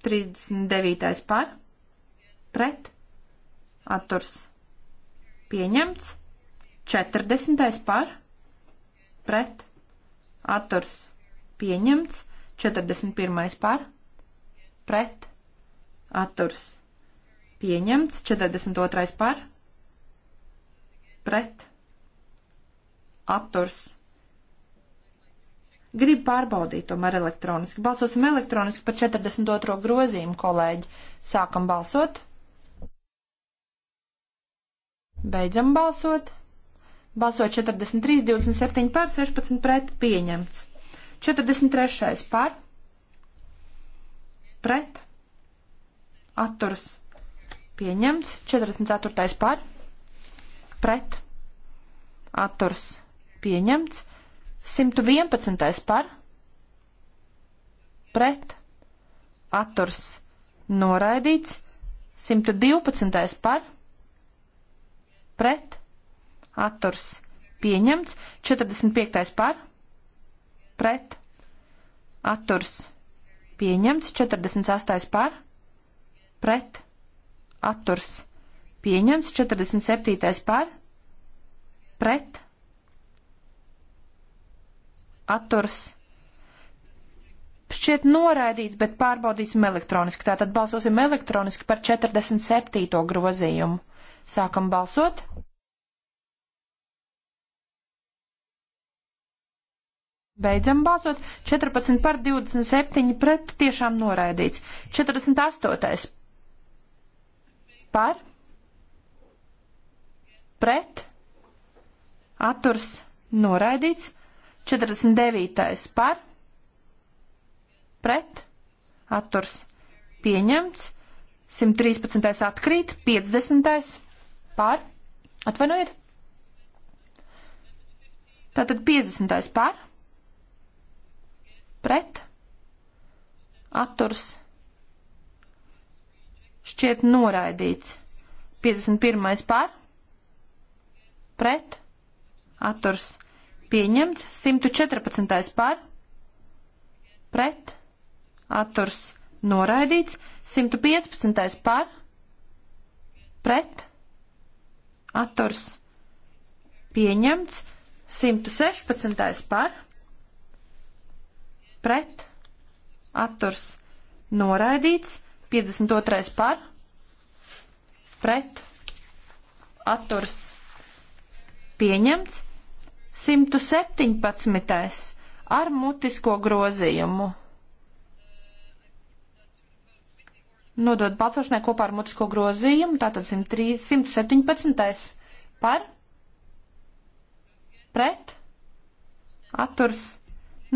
39. par, pret pret, atturs pieņemts, 40. par, pret, atturs pieņemts, 41. par, pret, atturs pieņemts, 42. par, pret, atturs pieņemts gribu pārbaudīt tomēr elektroniski. Balsosim elektroniski par 42. grozījumu, kolēģi. Sākam balsot. Beidzam balsot. Balsot 43, 27 pār, 16 pret, pieņemts. 43 pār, pret, atturs, pieņemts. 44 pār, pret, atturs, pieņemts. 111 par, pret, atturs, noraidīts. 112 par, pret pret, atturs pieņemts, 45. par, pret, atturs pieņemts, 48. par, pret, atturs pieņemts, 47. par, pret, atturs šķiet noraidīts, bet pārbaudīsim elektroniski. Tātad balsosim elektroniski par 47. grozījumu. Sākam balsot. Beidzam balsot. 14 par 27 pret tiešām noraidīts. 48. Par. Pret. Atturs noraidīts. 49. Par. Pret. Atturs pieņemts. 113. atkrīt. 50. Pār. Atvainojiet. Tātad 50. pār. Pret. Atturs. Šķiet noraidīts. 51. pār. Pret. Atturs. Pieņemts. 114. pār. Pret. Atturs. Noraidīts. 115. pār. Pret atturs pieņemts. 116. par pret atturs noraidīts. 52. par pret atturs pieņemts. 117. ar mutisko grozījumu. nodot balsošanai kopā ar mutisko grozījumu, tātad 117. par, pret, atturs,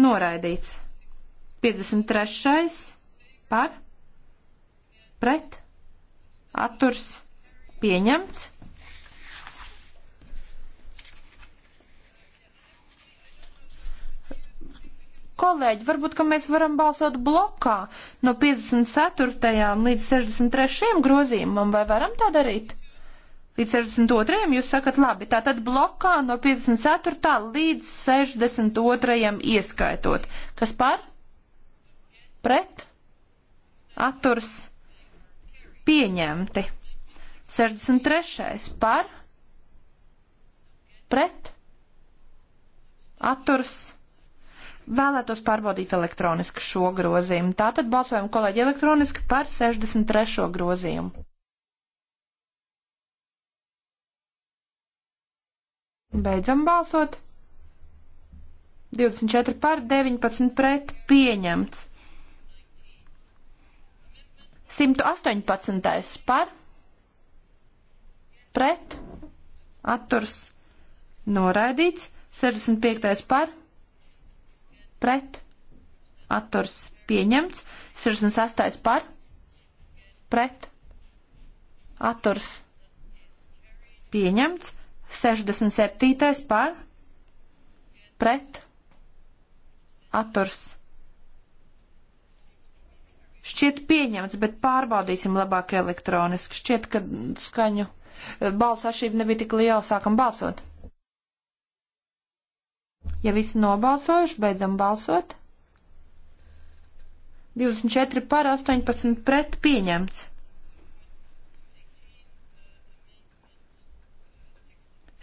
noraidīts. 53. par, pret, atturs, pieņemts. Kolēģi, varbūt, ka mēs varam balsot blokā no 54. līdz 63. grozījumam, vai varam tā darīt? Līdz 62. jūs sakat labi, tā tad blokā no 54. līdz 62. ieskaitot. Kas par? Pret? Atturs? Pieņemti. 63. par? Pret? Atturs? Pieņemti Vēlētos pārbaudīt elektroniski šo grozījumu. Tātad balsojam kolēģi elektroniski par 63. grozījumu. Beidzam balsot. 24 par 19 pret pieņemts. 118 par pret atturs noraidīts. 65 par pret, atturs pieņemts, 68 par, pret, atturs pieņemts, 67 par, pret, atturs šķiet pieņemts, bet pārbaudīsim labāk elektroniski. Šķiet, ka skaņu balsu atšķirība nebija tik liela, sākam balsot. Ja visi nobalsojuši, beidzam balsot. 24 par 18 pret pieņemts.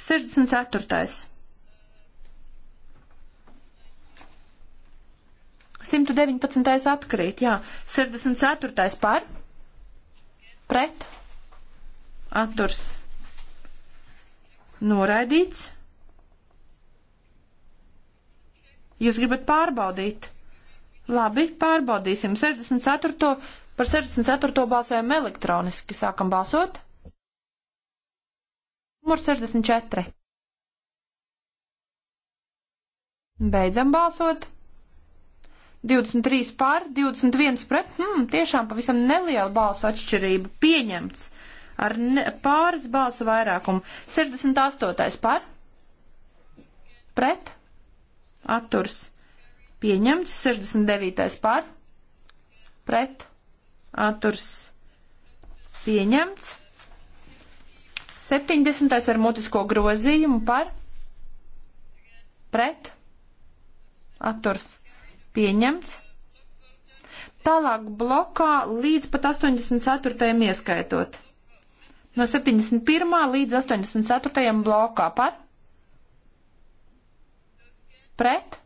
64. 119. atkrīt, jā. 64. par, pret, atturs, noraidīts. Jūs gribat pārbaudīt? Labi, pārbaudīsim. 64. par 64. balsojam elektroniski. Sākam balsot. Numurs 64. Beidzam balsot. 23 pār, 21 pret. Hmm, tiešām pavisam neliela balsu atšķirība. Pieņemts ar ne, pāris balsu vairākumu. 68. par. Pret atturs pieņemts, 69. par, pret, atturs pieņemts, 70. ar mutisko grozījumu par, pret, atturs pieņemts. Tālāk blokā līdz pat 84. ieskaitot. No 71. līdz 84. blokā pat pret,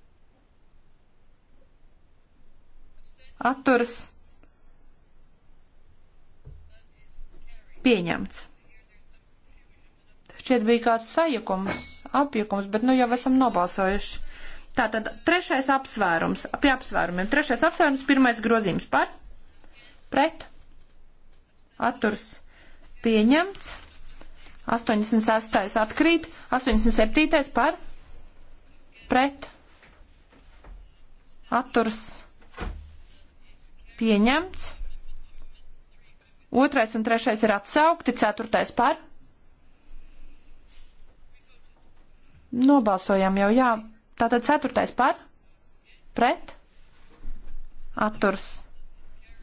atturas, pieņemts. Šķiet bija kāds sajukums, apjukums, bet nu jau esam nobalsojuši. Tātad trešais apsvērums, pie apsvērumiem. Trešais apsvērums, pirmais grozījums par, pret, atturs, pieņemts. 86. atkrīt, 87. par, pret, atturs, pieņemts. Otrais un trešais ir atsaukti, ceturtais par. Nobalsojam jau, jā. Tātad ceturtais par, pret, atturs,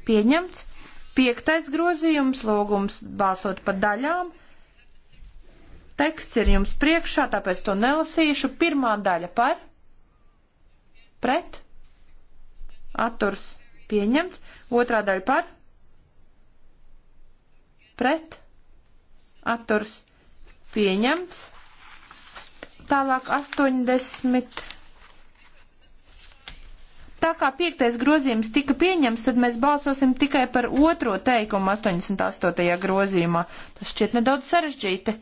pieņemts. Piektais grozījums, lūgums balsot pa daļām. Teksts ir jums priekšā, tāpēc to nelasīšu. Pirmā daļa par, pret, atturs pieņemts. Otrā daļa par, pret, atturs pieņemts. Tālāk 80. Tā kā piektais grozījums tika pieņems, tad mēs balsosim tikai par otro teikumu 88. grozījumā. Tas šķiet nedaudz sarežģīti.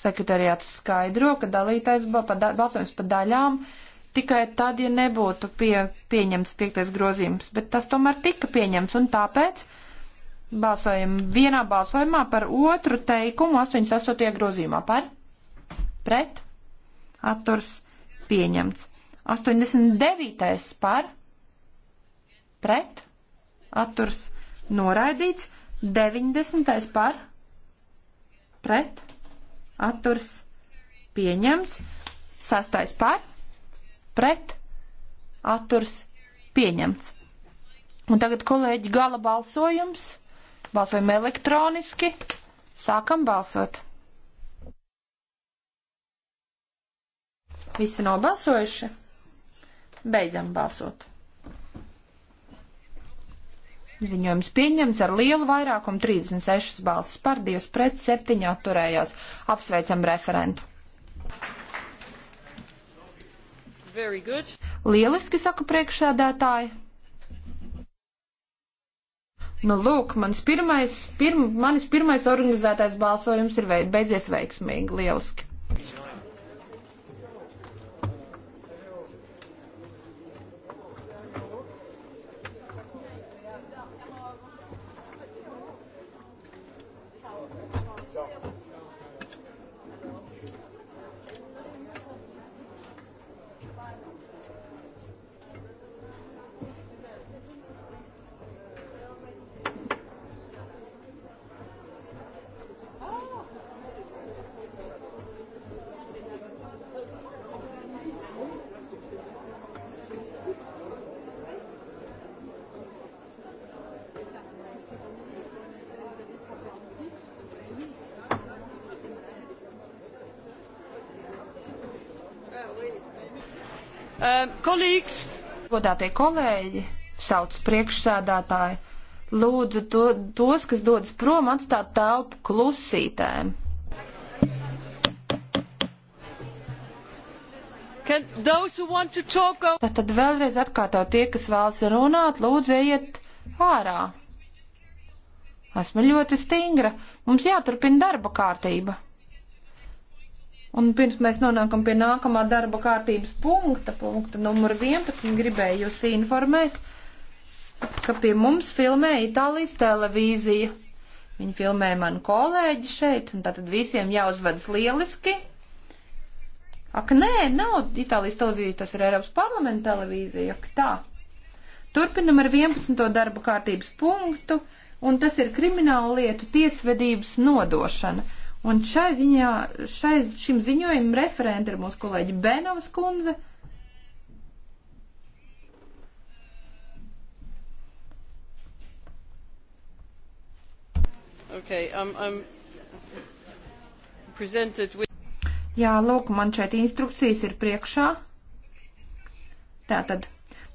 Sekretariāts skaidro, ka dalītais balsojums pa daļām tikai tad, ja nebūtu pie, pieņemts piektais grozījums, bet tas tomēr tika pieņemts un tāpēc balsojam vienā balsojumā par otru teikumu 88. grozījumā par pret atturs pieņemts. 89. par pret atturs noraidīts. 90. par pret atturs pieņemts. Sastais par, pret, atturs pieņemts. Un tagad, kolēģi, gala balsojums. Balsojam elektroniski. Sākam balsot. Visi nobalsojuši. Beidzam balsot. Ziņojums pieņemts ar lielu vairākumu 36 balsis par, 2 pret, 7 atturējās. Apsveicam referentu. Lieliski saka priekšsēdētāji. Nu, lūk, mans pirmais, pirm, manis pirmais organizētais balsojums ir veidzies veiksmīgi. Lieliski. kolēģis. Godātie kolēģi, sauc priekšsēdātāji, lūdzu to, tos, kas dodas prom, atstāt telpu klusītēm. Talk... Tātad vēlreiz atkārto tie, kas vēlas runāt, lūdzu ejiet ārā. Esmu ļoti stingra. Mums jāturpina darba kārtība. Un pirms mēs nonākam pie nākamā darba kārtības punkta, punkta numur 11, gribēju jūs informēt, ka pie mums filmē Itālijas televīzija. Viņi filmē manu kolēģi šeit, un tātad visiem jāuzvedas lieliski. Ak, nē, nav Itālijas televīzija, tas ir Eiropas parlamenta televīzija. Ak, tā. Turpinam ar 11. darba kārtības punktu, un tas ir krimināla lietu tiesvedības nodošana. Un šai ziņā, šai, šim ziņojumam referenti ir mūsu kolēģi Benovas kundze. Okay, um, um, presented with... Jā, lūk, man šeit instrukcijas ir priekšā. Tātad,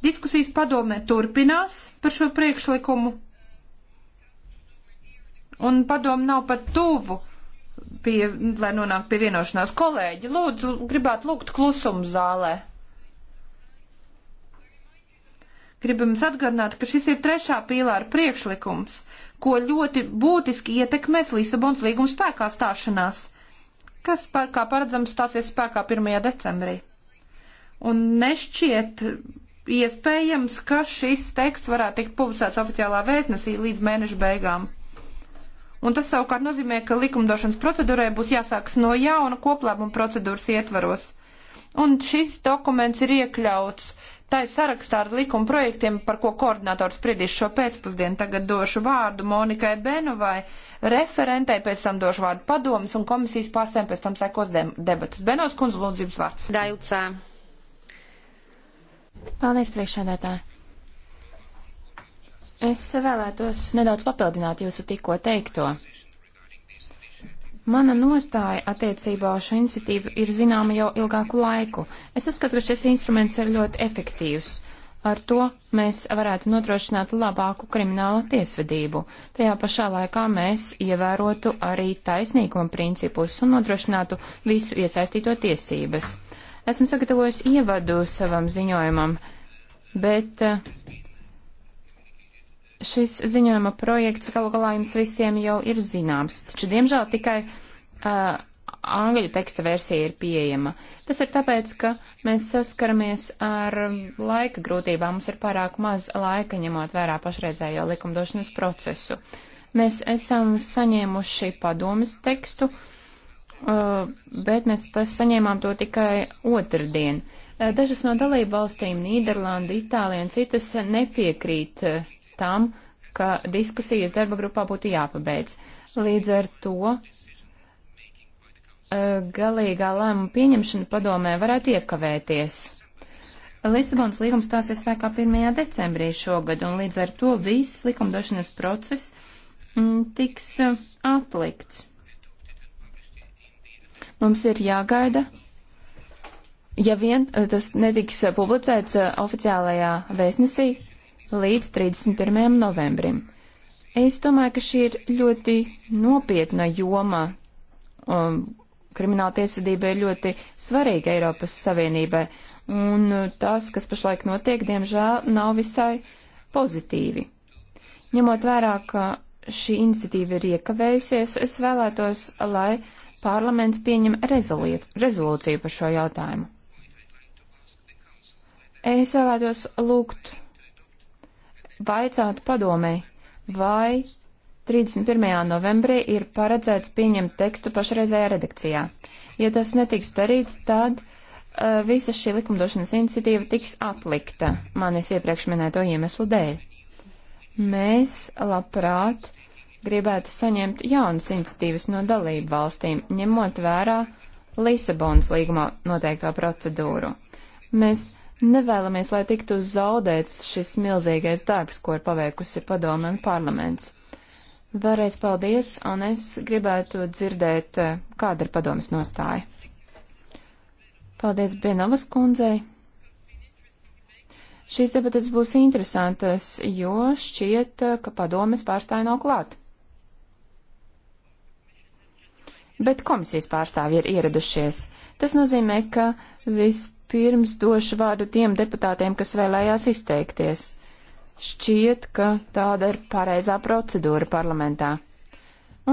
diskusijas padomē turpinās par šo priekšlikumu. Un padomu nav pat tuvu pie, lai nonāktu pie vienošanās. Kolēģi, lūdzu, gribētu lūgt klusumu zālē. Gribam jums atgādināt, ka šis ir trešā pīlāra priekšlikums, ko ļoti būtiski ietekmēs Lisabons līguma spēkā stāšanās, kas, par, kā paredzams, stāsies spēkā 1. decembrī. Un nešķiet iespējams, ka šis teksts varētu tikt publicēts oficiālā vēstnesī līdz mēneša beigām. Un tas savukārt nozīmē, ka likumdošanas procedūrai būs jāsākas no jauna koplēmuma procedūras ietvaros. Un šis dokuments ir iekļauts tai sarakstā ar likuma projektiem, par ko koordinators spriedīs šo pēcpusdienu. Tagad došu vārdu Monikai Benovai, referentei, pēc tam došu vārdu padomas un komisijas pārsēm, pēc tam sekos de debatas. Benovs kundze, lūdzu jums vārds. Dailcā. Paldies, priekšsēdētāji. Es vēlētos nedaudz papildināt jūsu tikko teikto. Mana nostāja attiecībā uz šo iniciatīvu ir zināma jau ilgāku laiku. Es uzskatu, ka šis instruments ir ļoti efektīvs. Ar to mēs varētu nodrošināt labāku kriminālu tiesvedību. Tajā pašā laikā mēs ievērotu arī taisnīguma principus un nodrošinātu visu iesaistīto tiesības. Esmu sagatavojis ievadu savam ziņojumam, bet uh, Šis ziņojuma projekts galu galā jums visiem jau ir zināms, taču diemžēl tikai uh, angļu teksta versija ir pieejama. Tas ir tāpēc, ka mēs saskaramies ar laika grūtībām, mums ir pārāk maz laika ņemot vērā pašreizējo likumdošanas procesu. Mēs esam saņēmuši padomas tekstu, uh, bet mēs saņēmām to tikai otrdien. Dažas no dalību valstīm, Nīderlanda, Itālija un citas nepiekrīt uh, tam, ka diskusijas darba grupā būtu jāpabeidz. Līdz ar to eh, galīgā lēmuma pieņemšana padomē varētu iekavēties. Lisabonas līgums stāsies spēkā 1. decembrī šogad, un līdz ar to viss likumdošanas process mm, tiks eh, atlikts. Mums ir jāgaida, ja vien eh, tas netiks publicēts oficiālajā vēstnesī, līdz 31. novembrim. Es domāju, ka šī ir ļoti nopietna joma. Um, Krimināla tiesvedība ir ļoti svarīga Eiropas Savienībai, un tas, kas pašlaik notiek, diemžēl nav visai pozitīvi. Ņemot vērā, ka šī iniciatīva ir iekavējusies, es vēlētos, lai parlaments pieņem rezoliet, rezolūciju par šo jautājumu. Es vēlētos lūgt vaicāt padomēji, vai 31. novembrī ir paredzēts pieņemt tekstu pašreizējā redakcijā. Ja tas netiks darīts, tad uh, visa šī likumdošanas iniciatīva tiks atlikta manis iepriekš minēto iemeslu dēļ. Mēs labprāt gribētu saņemt jaunas iniciatīvas no dalību valstīm, ņemot vērā Lisabonas līgumā noteikto procedūru. Mēs Nevēlamies, lai tiktu zaudēts šis milzīgais darbs, ko ir paveikusi padome un parlaments. Vēlreiz paldies, un es gribētu dzirdēt, eh, kāda ir padomas nostāja. Paldies Benovas kundzei. Šīs debatas būs interesantas, jo šķiet, eh, ka padomes pārstāja nav klāt. Bet komisijas pārstāvji ir ieradušies. Tas nozīmē, ka vispār Pirms došu vārdu tiem deputātiem, kas vēlējās izteikties. Šķiet, ka tāda ir pareizā procedūra parlamentā.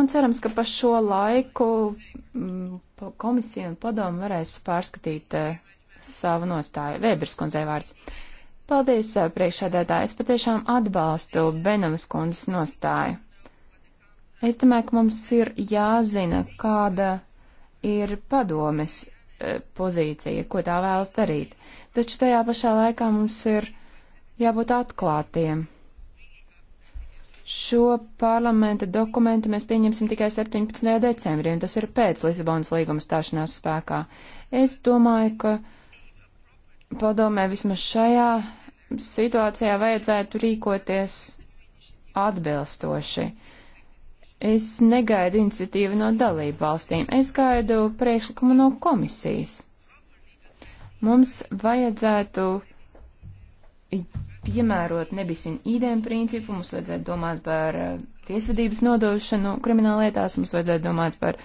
Un cerams, ka pa šo laiku mm, komisija un padomu varēs pārskatīt eh, savu nostāju. Vēbers kundzei vārds. Paldies, eh, priekšādētāji. Es patiešām atbalstu Benamas kundzes nostāju. Es domāju, ka mums ir jāzina, kāda ir padomes E, pozīcija, ko tā vēlas darīt. Taču tajā pašā laikā mums ir jābūt atklātiem. Šo parlamenta dokumentu mēs pieņemsim tikai 17. decembrī, un tas ir pēc Lisabonas līguma stāšanās spēkā. Es domāju, ka padomē vismaz šajā situācijā vajadzētu rīkoties atbilstoši. Uh, Es negaidu iniciatīvu no dalību valstīm, es gaidu priekšlikumu no komisijas. Mums vajadzētu piemērot nebisin īdēm e principu, mums vajadzētu domāt par eh, tiesvedības nodošanu krimināllietās, mums vajadzētu domāt par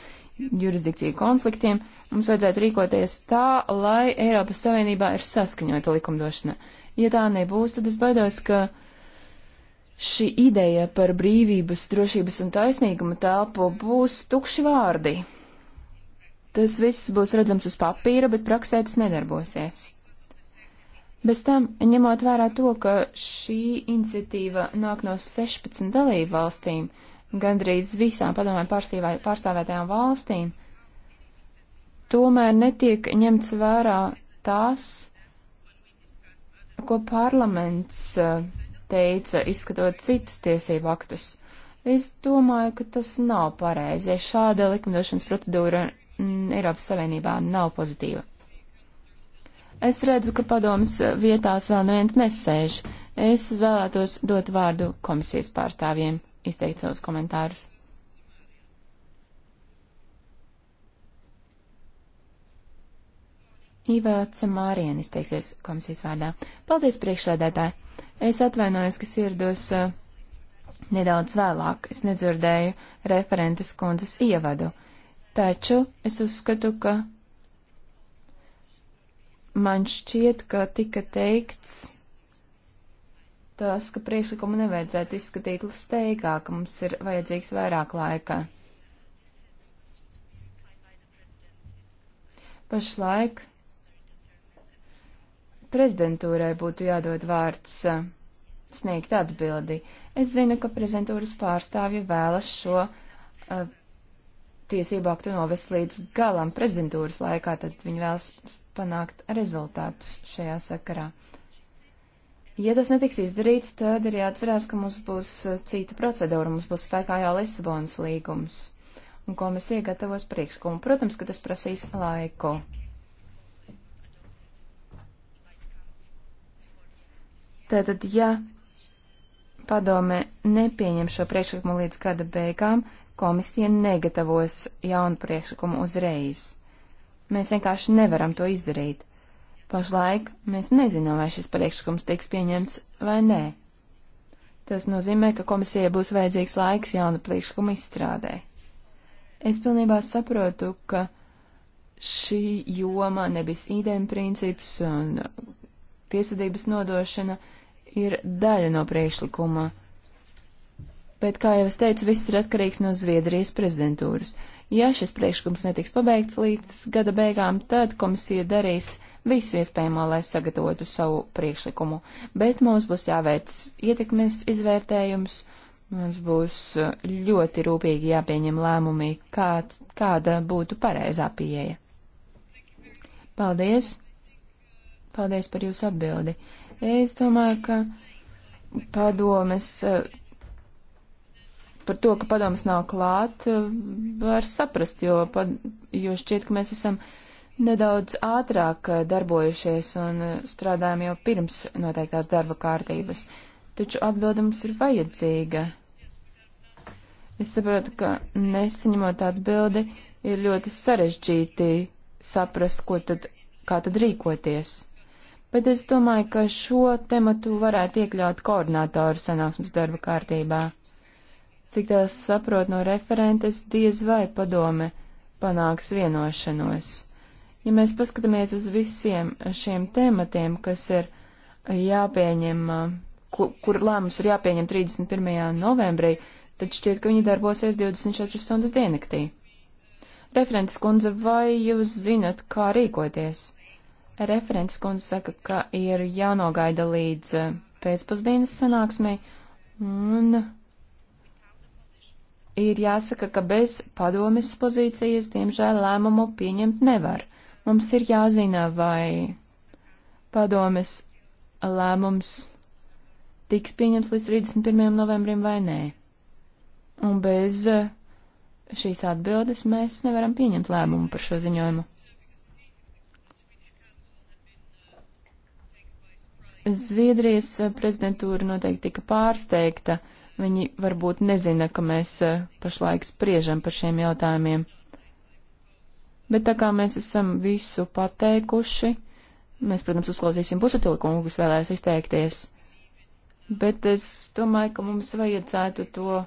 jurisdikciju konfliktiem, mums vajadzētu rīkoties tā, lai Eiropas Savienībā ir saskaņota likumdošana. Ja tā nebūs, tad es baidos, ka uh, šī ideja par brīvības, drošības un taisnīguma telpu būs tukši vārdi. Tas viss būs redzams uz papīra, bet praksē tas nedarbosies. Bez tam, ņemot vērā to, ka šī iniciatīva nāk no 16 dalību valstīm, gandrīz visām padomēm pārstāvētajām valstīm, tomēr netiek ņemts vērā tās, ko parlaments uh, teica, izskatot citus tiesību aktus. Es domāju, ka tas nav pareizi, ja šāda likumdošanas procedūra m, mm, Eiropas Savienībā nav pozitīva. Es redzu, ka padomas vietās vēl neviens nesēž. Es vēlētos dot vārdu komisijas pārstāvjiem, izteikt savus komentārus. Īvēlēts Mārien izteiksies komisijas vārdā. Paldies priekšsēdētāji! Es atvainojos, kas ierados uh, nedaudz vēlāk. Es nedzirdēju referentes kundzes ievadu. Taču es uzskatu, ka man šķiet, ka tika teikts tas, ka priekšlikumu nevajadzētu izskatīt steigā, ka mums ir vajadzīgs vairāk laika. Pašlaik prezidentūrai būtu jādod vārds sniegt atbildi. Es zinu, ka prezidentūras pārstāvji vēlas šo uh, tiesību aktu novest līdz galam prezidentūras laikā, tad viņi vēlas panākt rezultātus šajā sakarā. Ja tas netiks izdarīts, tad ir jāatcerās, ka mums būs cita procedūra, mums būs spēkā jau Lisabonas līgums, un komisija gatavos priekšlikumu. Protams, ka tas prasīs laiku. Tātad, ja padome nepieņem šo priekšlikumu līdz gada beigām, komisija negatavos jaunu priekšlikumu uzreiz. Mēs vienkārši nevaram to izdarīt. Pašlaik mēs nezinām, vai šis priekšlikums tiks pieņemts vai nē. Tas nozīmē, ka komisijai būs vajadzīgs laiks jaunu priekšlikumu izstrādē. Es pilnībā saprotu, ka šī joma nebija īdēm princips un tiesvedības nodošana. Uh, ir daļa no priekšlikuma. Bet, kā jau es teicu, viss ir atkarīgs no Zviedrijas prezidentūras. Ja šis priekšlikums netiks pabeigts līdz gada beigām, tad komisija darīs visu iespējamo, lai sagatavotu savu priekšlikumu. Bet mums būs jāveic ietekmes izvērtējums, mums būs uh, ļoti rūpīgi jāpieņem lēmumi, kāds, kāda būtu pareizā pieeja. Paldies! Paldies par jūsu atbildi. Es domāju, ka padomes, eh, par to, ka padomes nav klāt, eh, var saprast, jo, pad, jo šķiet, ka mēs esam nedaudz ātrāk eh, darbojušies un strādājam jau pirms noteiktās darba kārtības. Taču atbilde mums ir vajadzīga. Es saprotu, ka nesaņemot atbildi ir ļoti sarežģīti saprast, ko tad, kā tad rīkoties bet es domāju, ka šo tematu varētu iekļaut koordinātoru sanāksmes darba kārtībā. Cik tās saprot no referentes, diez vai padome panāks vienošanos. Ja mēs paskatāmies uz visiem šiem tematiem, kas ir jāpieņem, kur, kur lēmums ir jāpieņem 31. novembrī, tad šķiet, ka viņi darbosies 24 stundas diennaktī. Referents kundze, vai jūs zinat, kā rīkoties? Referents kundze saka, ka ir jānogaida līdz eh, pēcpusdienas sanāksmei un ir jāsaka, ka bez padomes pozīcijas, diemžēl, lēmumu pieņemt nevar. Mums ir jāzina, vai padomes lēmums tiks pieņems līdz 31. novembrim vai nē. Un bez eh, šīs atbildes mēs nevaram pieņemt lēmumu par šo ziņojumu. Zviedrijas eh, prezidentūra noteikti tika pārsteigta. Viņi varbūt nezina, ka mēs eh, pašlaik spriežam par šiem jautājumiem. Bet tā kā mēs esam visu pateikuši, mēs, protams, uzklausīsim pusatuli kungu, kas vēlēs izteikties. Bet es domāju, ka mums vajadzētu to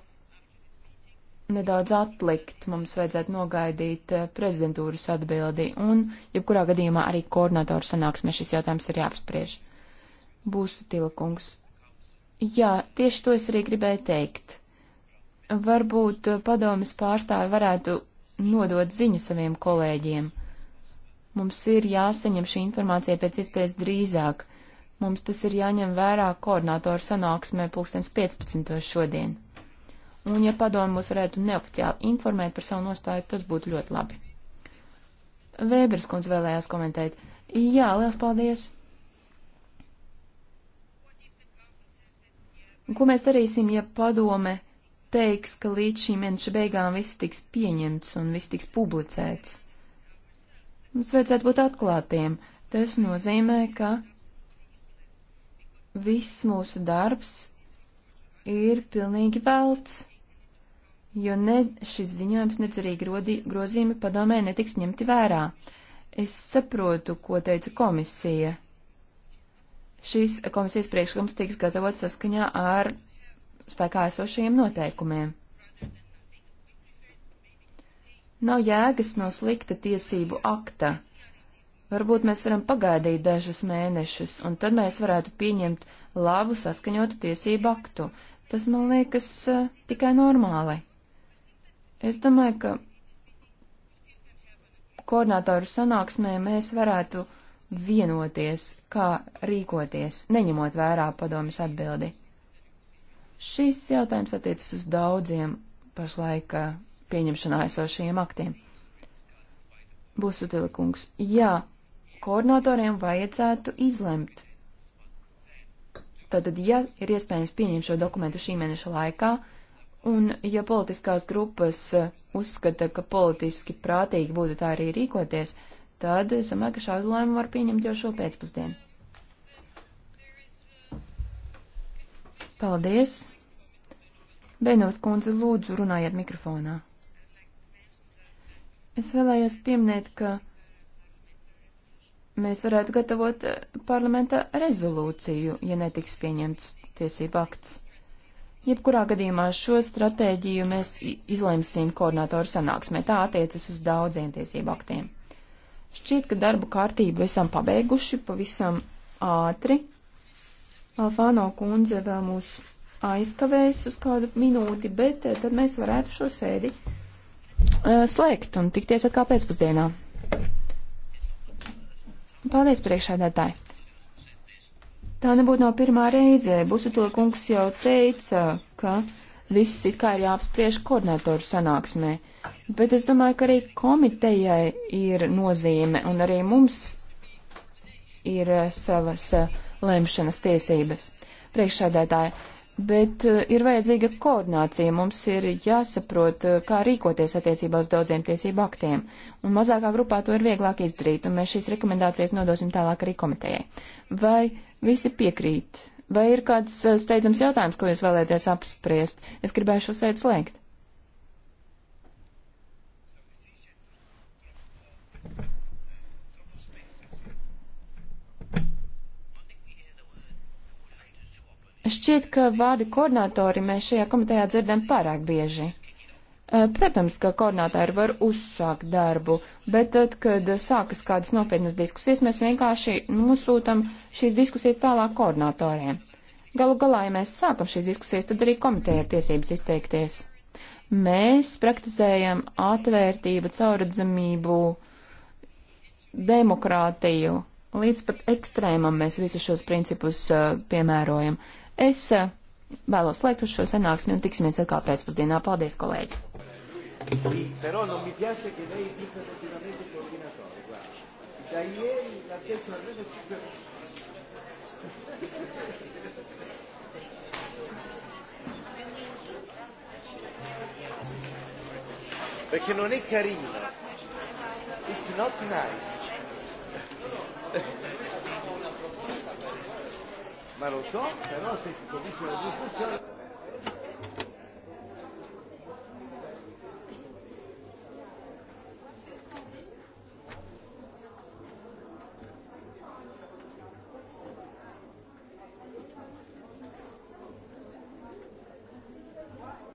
nedaudz atlikt, mums vajadzētu nogaidīt eh, prezidentūras atbildi, un, jebkurā gadījumā, arī koordinatoru sanāksmē šis jautājums ir jāapspriež. Būsu tilkungs. Jā, tieši to es arī gribēju teikt. Varbūt padomas pārstāvi varētu nodot ziņu saviem kolēģiem. Mums ir jāsaņem šī informācija pēc iespējas drīzāk. Mums tas ir jāņem vērā koordinātoru sanāksmē 2015. šodien. Un, ja padomu mūs varētu neoficiāli informēt par savu nostāju, tas būtu ļoti labi. Vēbers kundze vēlējās komentēt. Jā, liels paldies! Ko mēs darīsim, ja padome teiks, ka līdz šī mēneša beigām viss tiks pieņemts un viss tiks publicēts? Mums vajadzētu būt atklātiem. Tas nozīmē, ka viss mūsu darbs ir pilnīgi velts, jo ne šis ziņojums, nedz arī grozījumi padomē netiks ņemti vērā. Es saprotu, ko teica komisija. Šīs komisijas priekšlikums tiks gatavots saskaņā ar spēkā esošajiem noteikumiem. Nav jēgas no slikta tiesību akta. Varbūt mēs varam pagaidīt dažus mēnešus, un tad mēs varētu pieņemt labu saskaņotu tiesību aktu. Tas man liekas uh, tikai normāli. Es domāju, ka koordinātoru sanāksmē mēs varētu uh, vienoties, kā rīkoties, neņemot vērā padomas atbildi. Šis jautājums attiecas uz daudziem pašlaik pieņemšanā esošajiem aktiem. Busutilikungs, jā, koordinatoriem vajadzētu izlemt. Tātad, ja ir iespējams pieņemt šo dokumentu šī mēneša laikā, un ja politiskās grupas uh, uzskata, ka politiski prātīgi būtu tā arī rīkoties, uh, tad es domāju, ka šādu lēmumu var pieņemt jau šo pēcpusdienu. Paldies! Benovs kundze, lūdzu, runājiet mikrofonā. Es vēlējos pieminēt, ka mēs varētu gatavot eh, parlamenta rezolūciju, ja netiks pieņemts tiesība akts. Jebkurā gadījumā šo stratēģiju mēs izlemsim koordinātoru sanāksmē. Tā attiecas uz daudziem tiesību aktiem. Šķiet, ka darbu kārtību esam pabeiguši pavisam ātri. Alfāno kundze vēl mūs aizkavēs uz kādu minūti, bet eh, tad mēs varētu šo sēdi eh, slēgt un tikties atkal pēcpusdienā. Paldies, priekšādātāji! Tā nebūtu nav pirmā reize. Busutila kungs jau teica, ka viss it kā ir jāapspriež koordinatoru sanāksmē. Bet es domāju, ka arī komitejai ir nozīme, un arī mums ir eh, savas eh, lemšanas tiesības priekšsēdētāji. Bet eh, ir vajadzīga koordinācija, mums ir jāsaprot, kā rīkoties attiecībā uz daudziem tiesību aktiem. Un mazākā grupā to ir vieglāk izdarīt, un mēs šīs rekomendācijas nodosim tālāk arī komitejai. Vai visi piekrīt? Vai ir kāds steidzams jautājums, ko jūs vēlēties apspriest? Es gribēju šo sēdi slēgt. Šķiet, ka vārdu koordinatori mēs šajā komitejā dzirdam pārāk bieži. Protams, ka koordinātori var uzsākt darbu, bet tad, kad sākas kādas nopietnas diskusijas, mēs vienkārši nosūtam šīs diskusijas tālāk koordinatoriem. Galu galā, ja mēs sākam šīs diskusijas, tad arī komiteja ir tiesības izteikties. Mēs praktizējam atvērtību, caurredzamību, demokrātiju, līdz pat ekstrēmam mēs visus šos principus uh, piemērojam. Uh, Es eh, vēlos slēgt uz šo sanāksmi un tiksimies atkal pēcpusdienā. Paldies, kolēģi! Sì, però non mi piace che lei dica continuamente coordinatore, guarda. Da ieri la testa almeno ci Perché non è carina. It's not nice. Ma lo so, però se si comincia la discussione...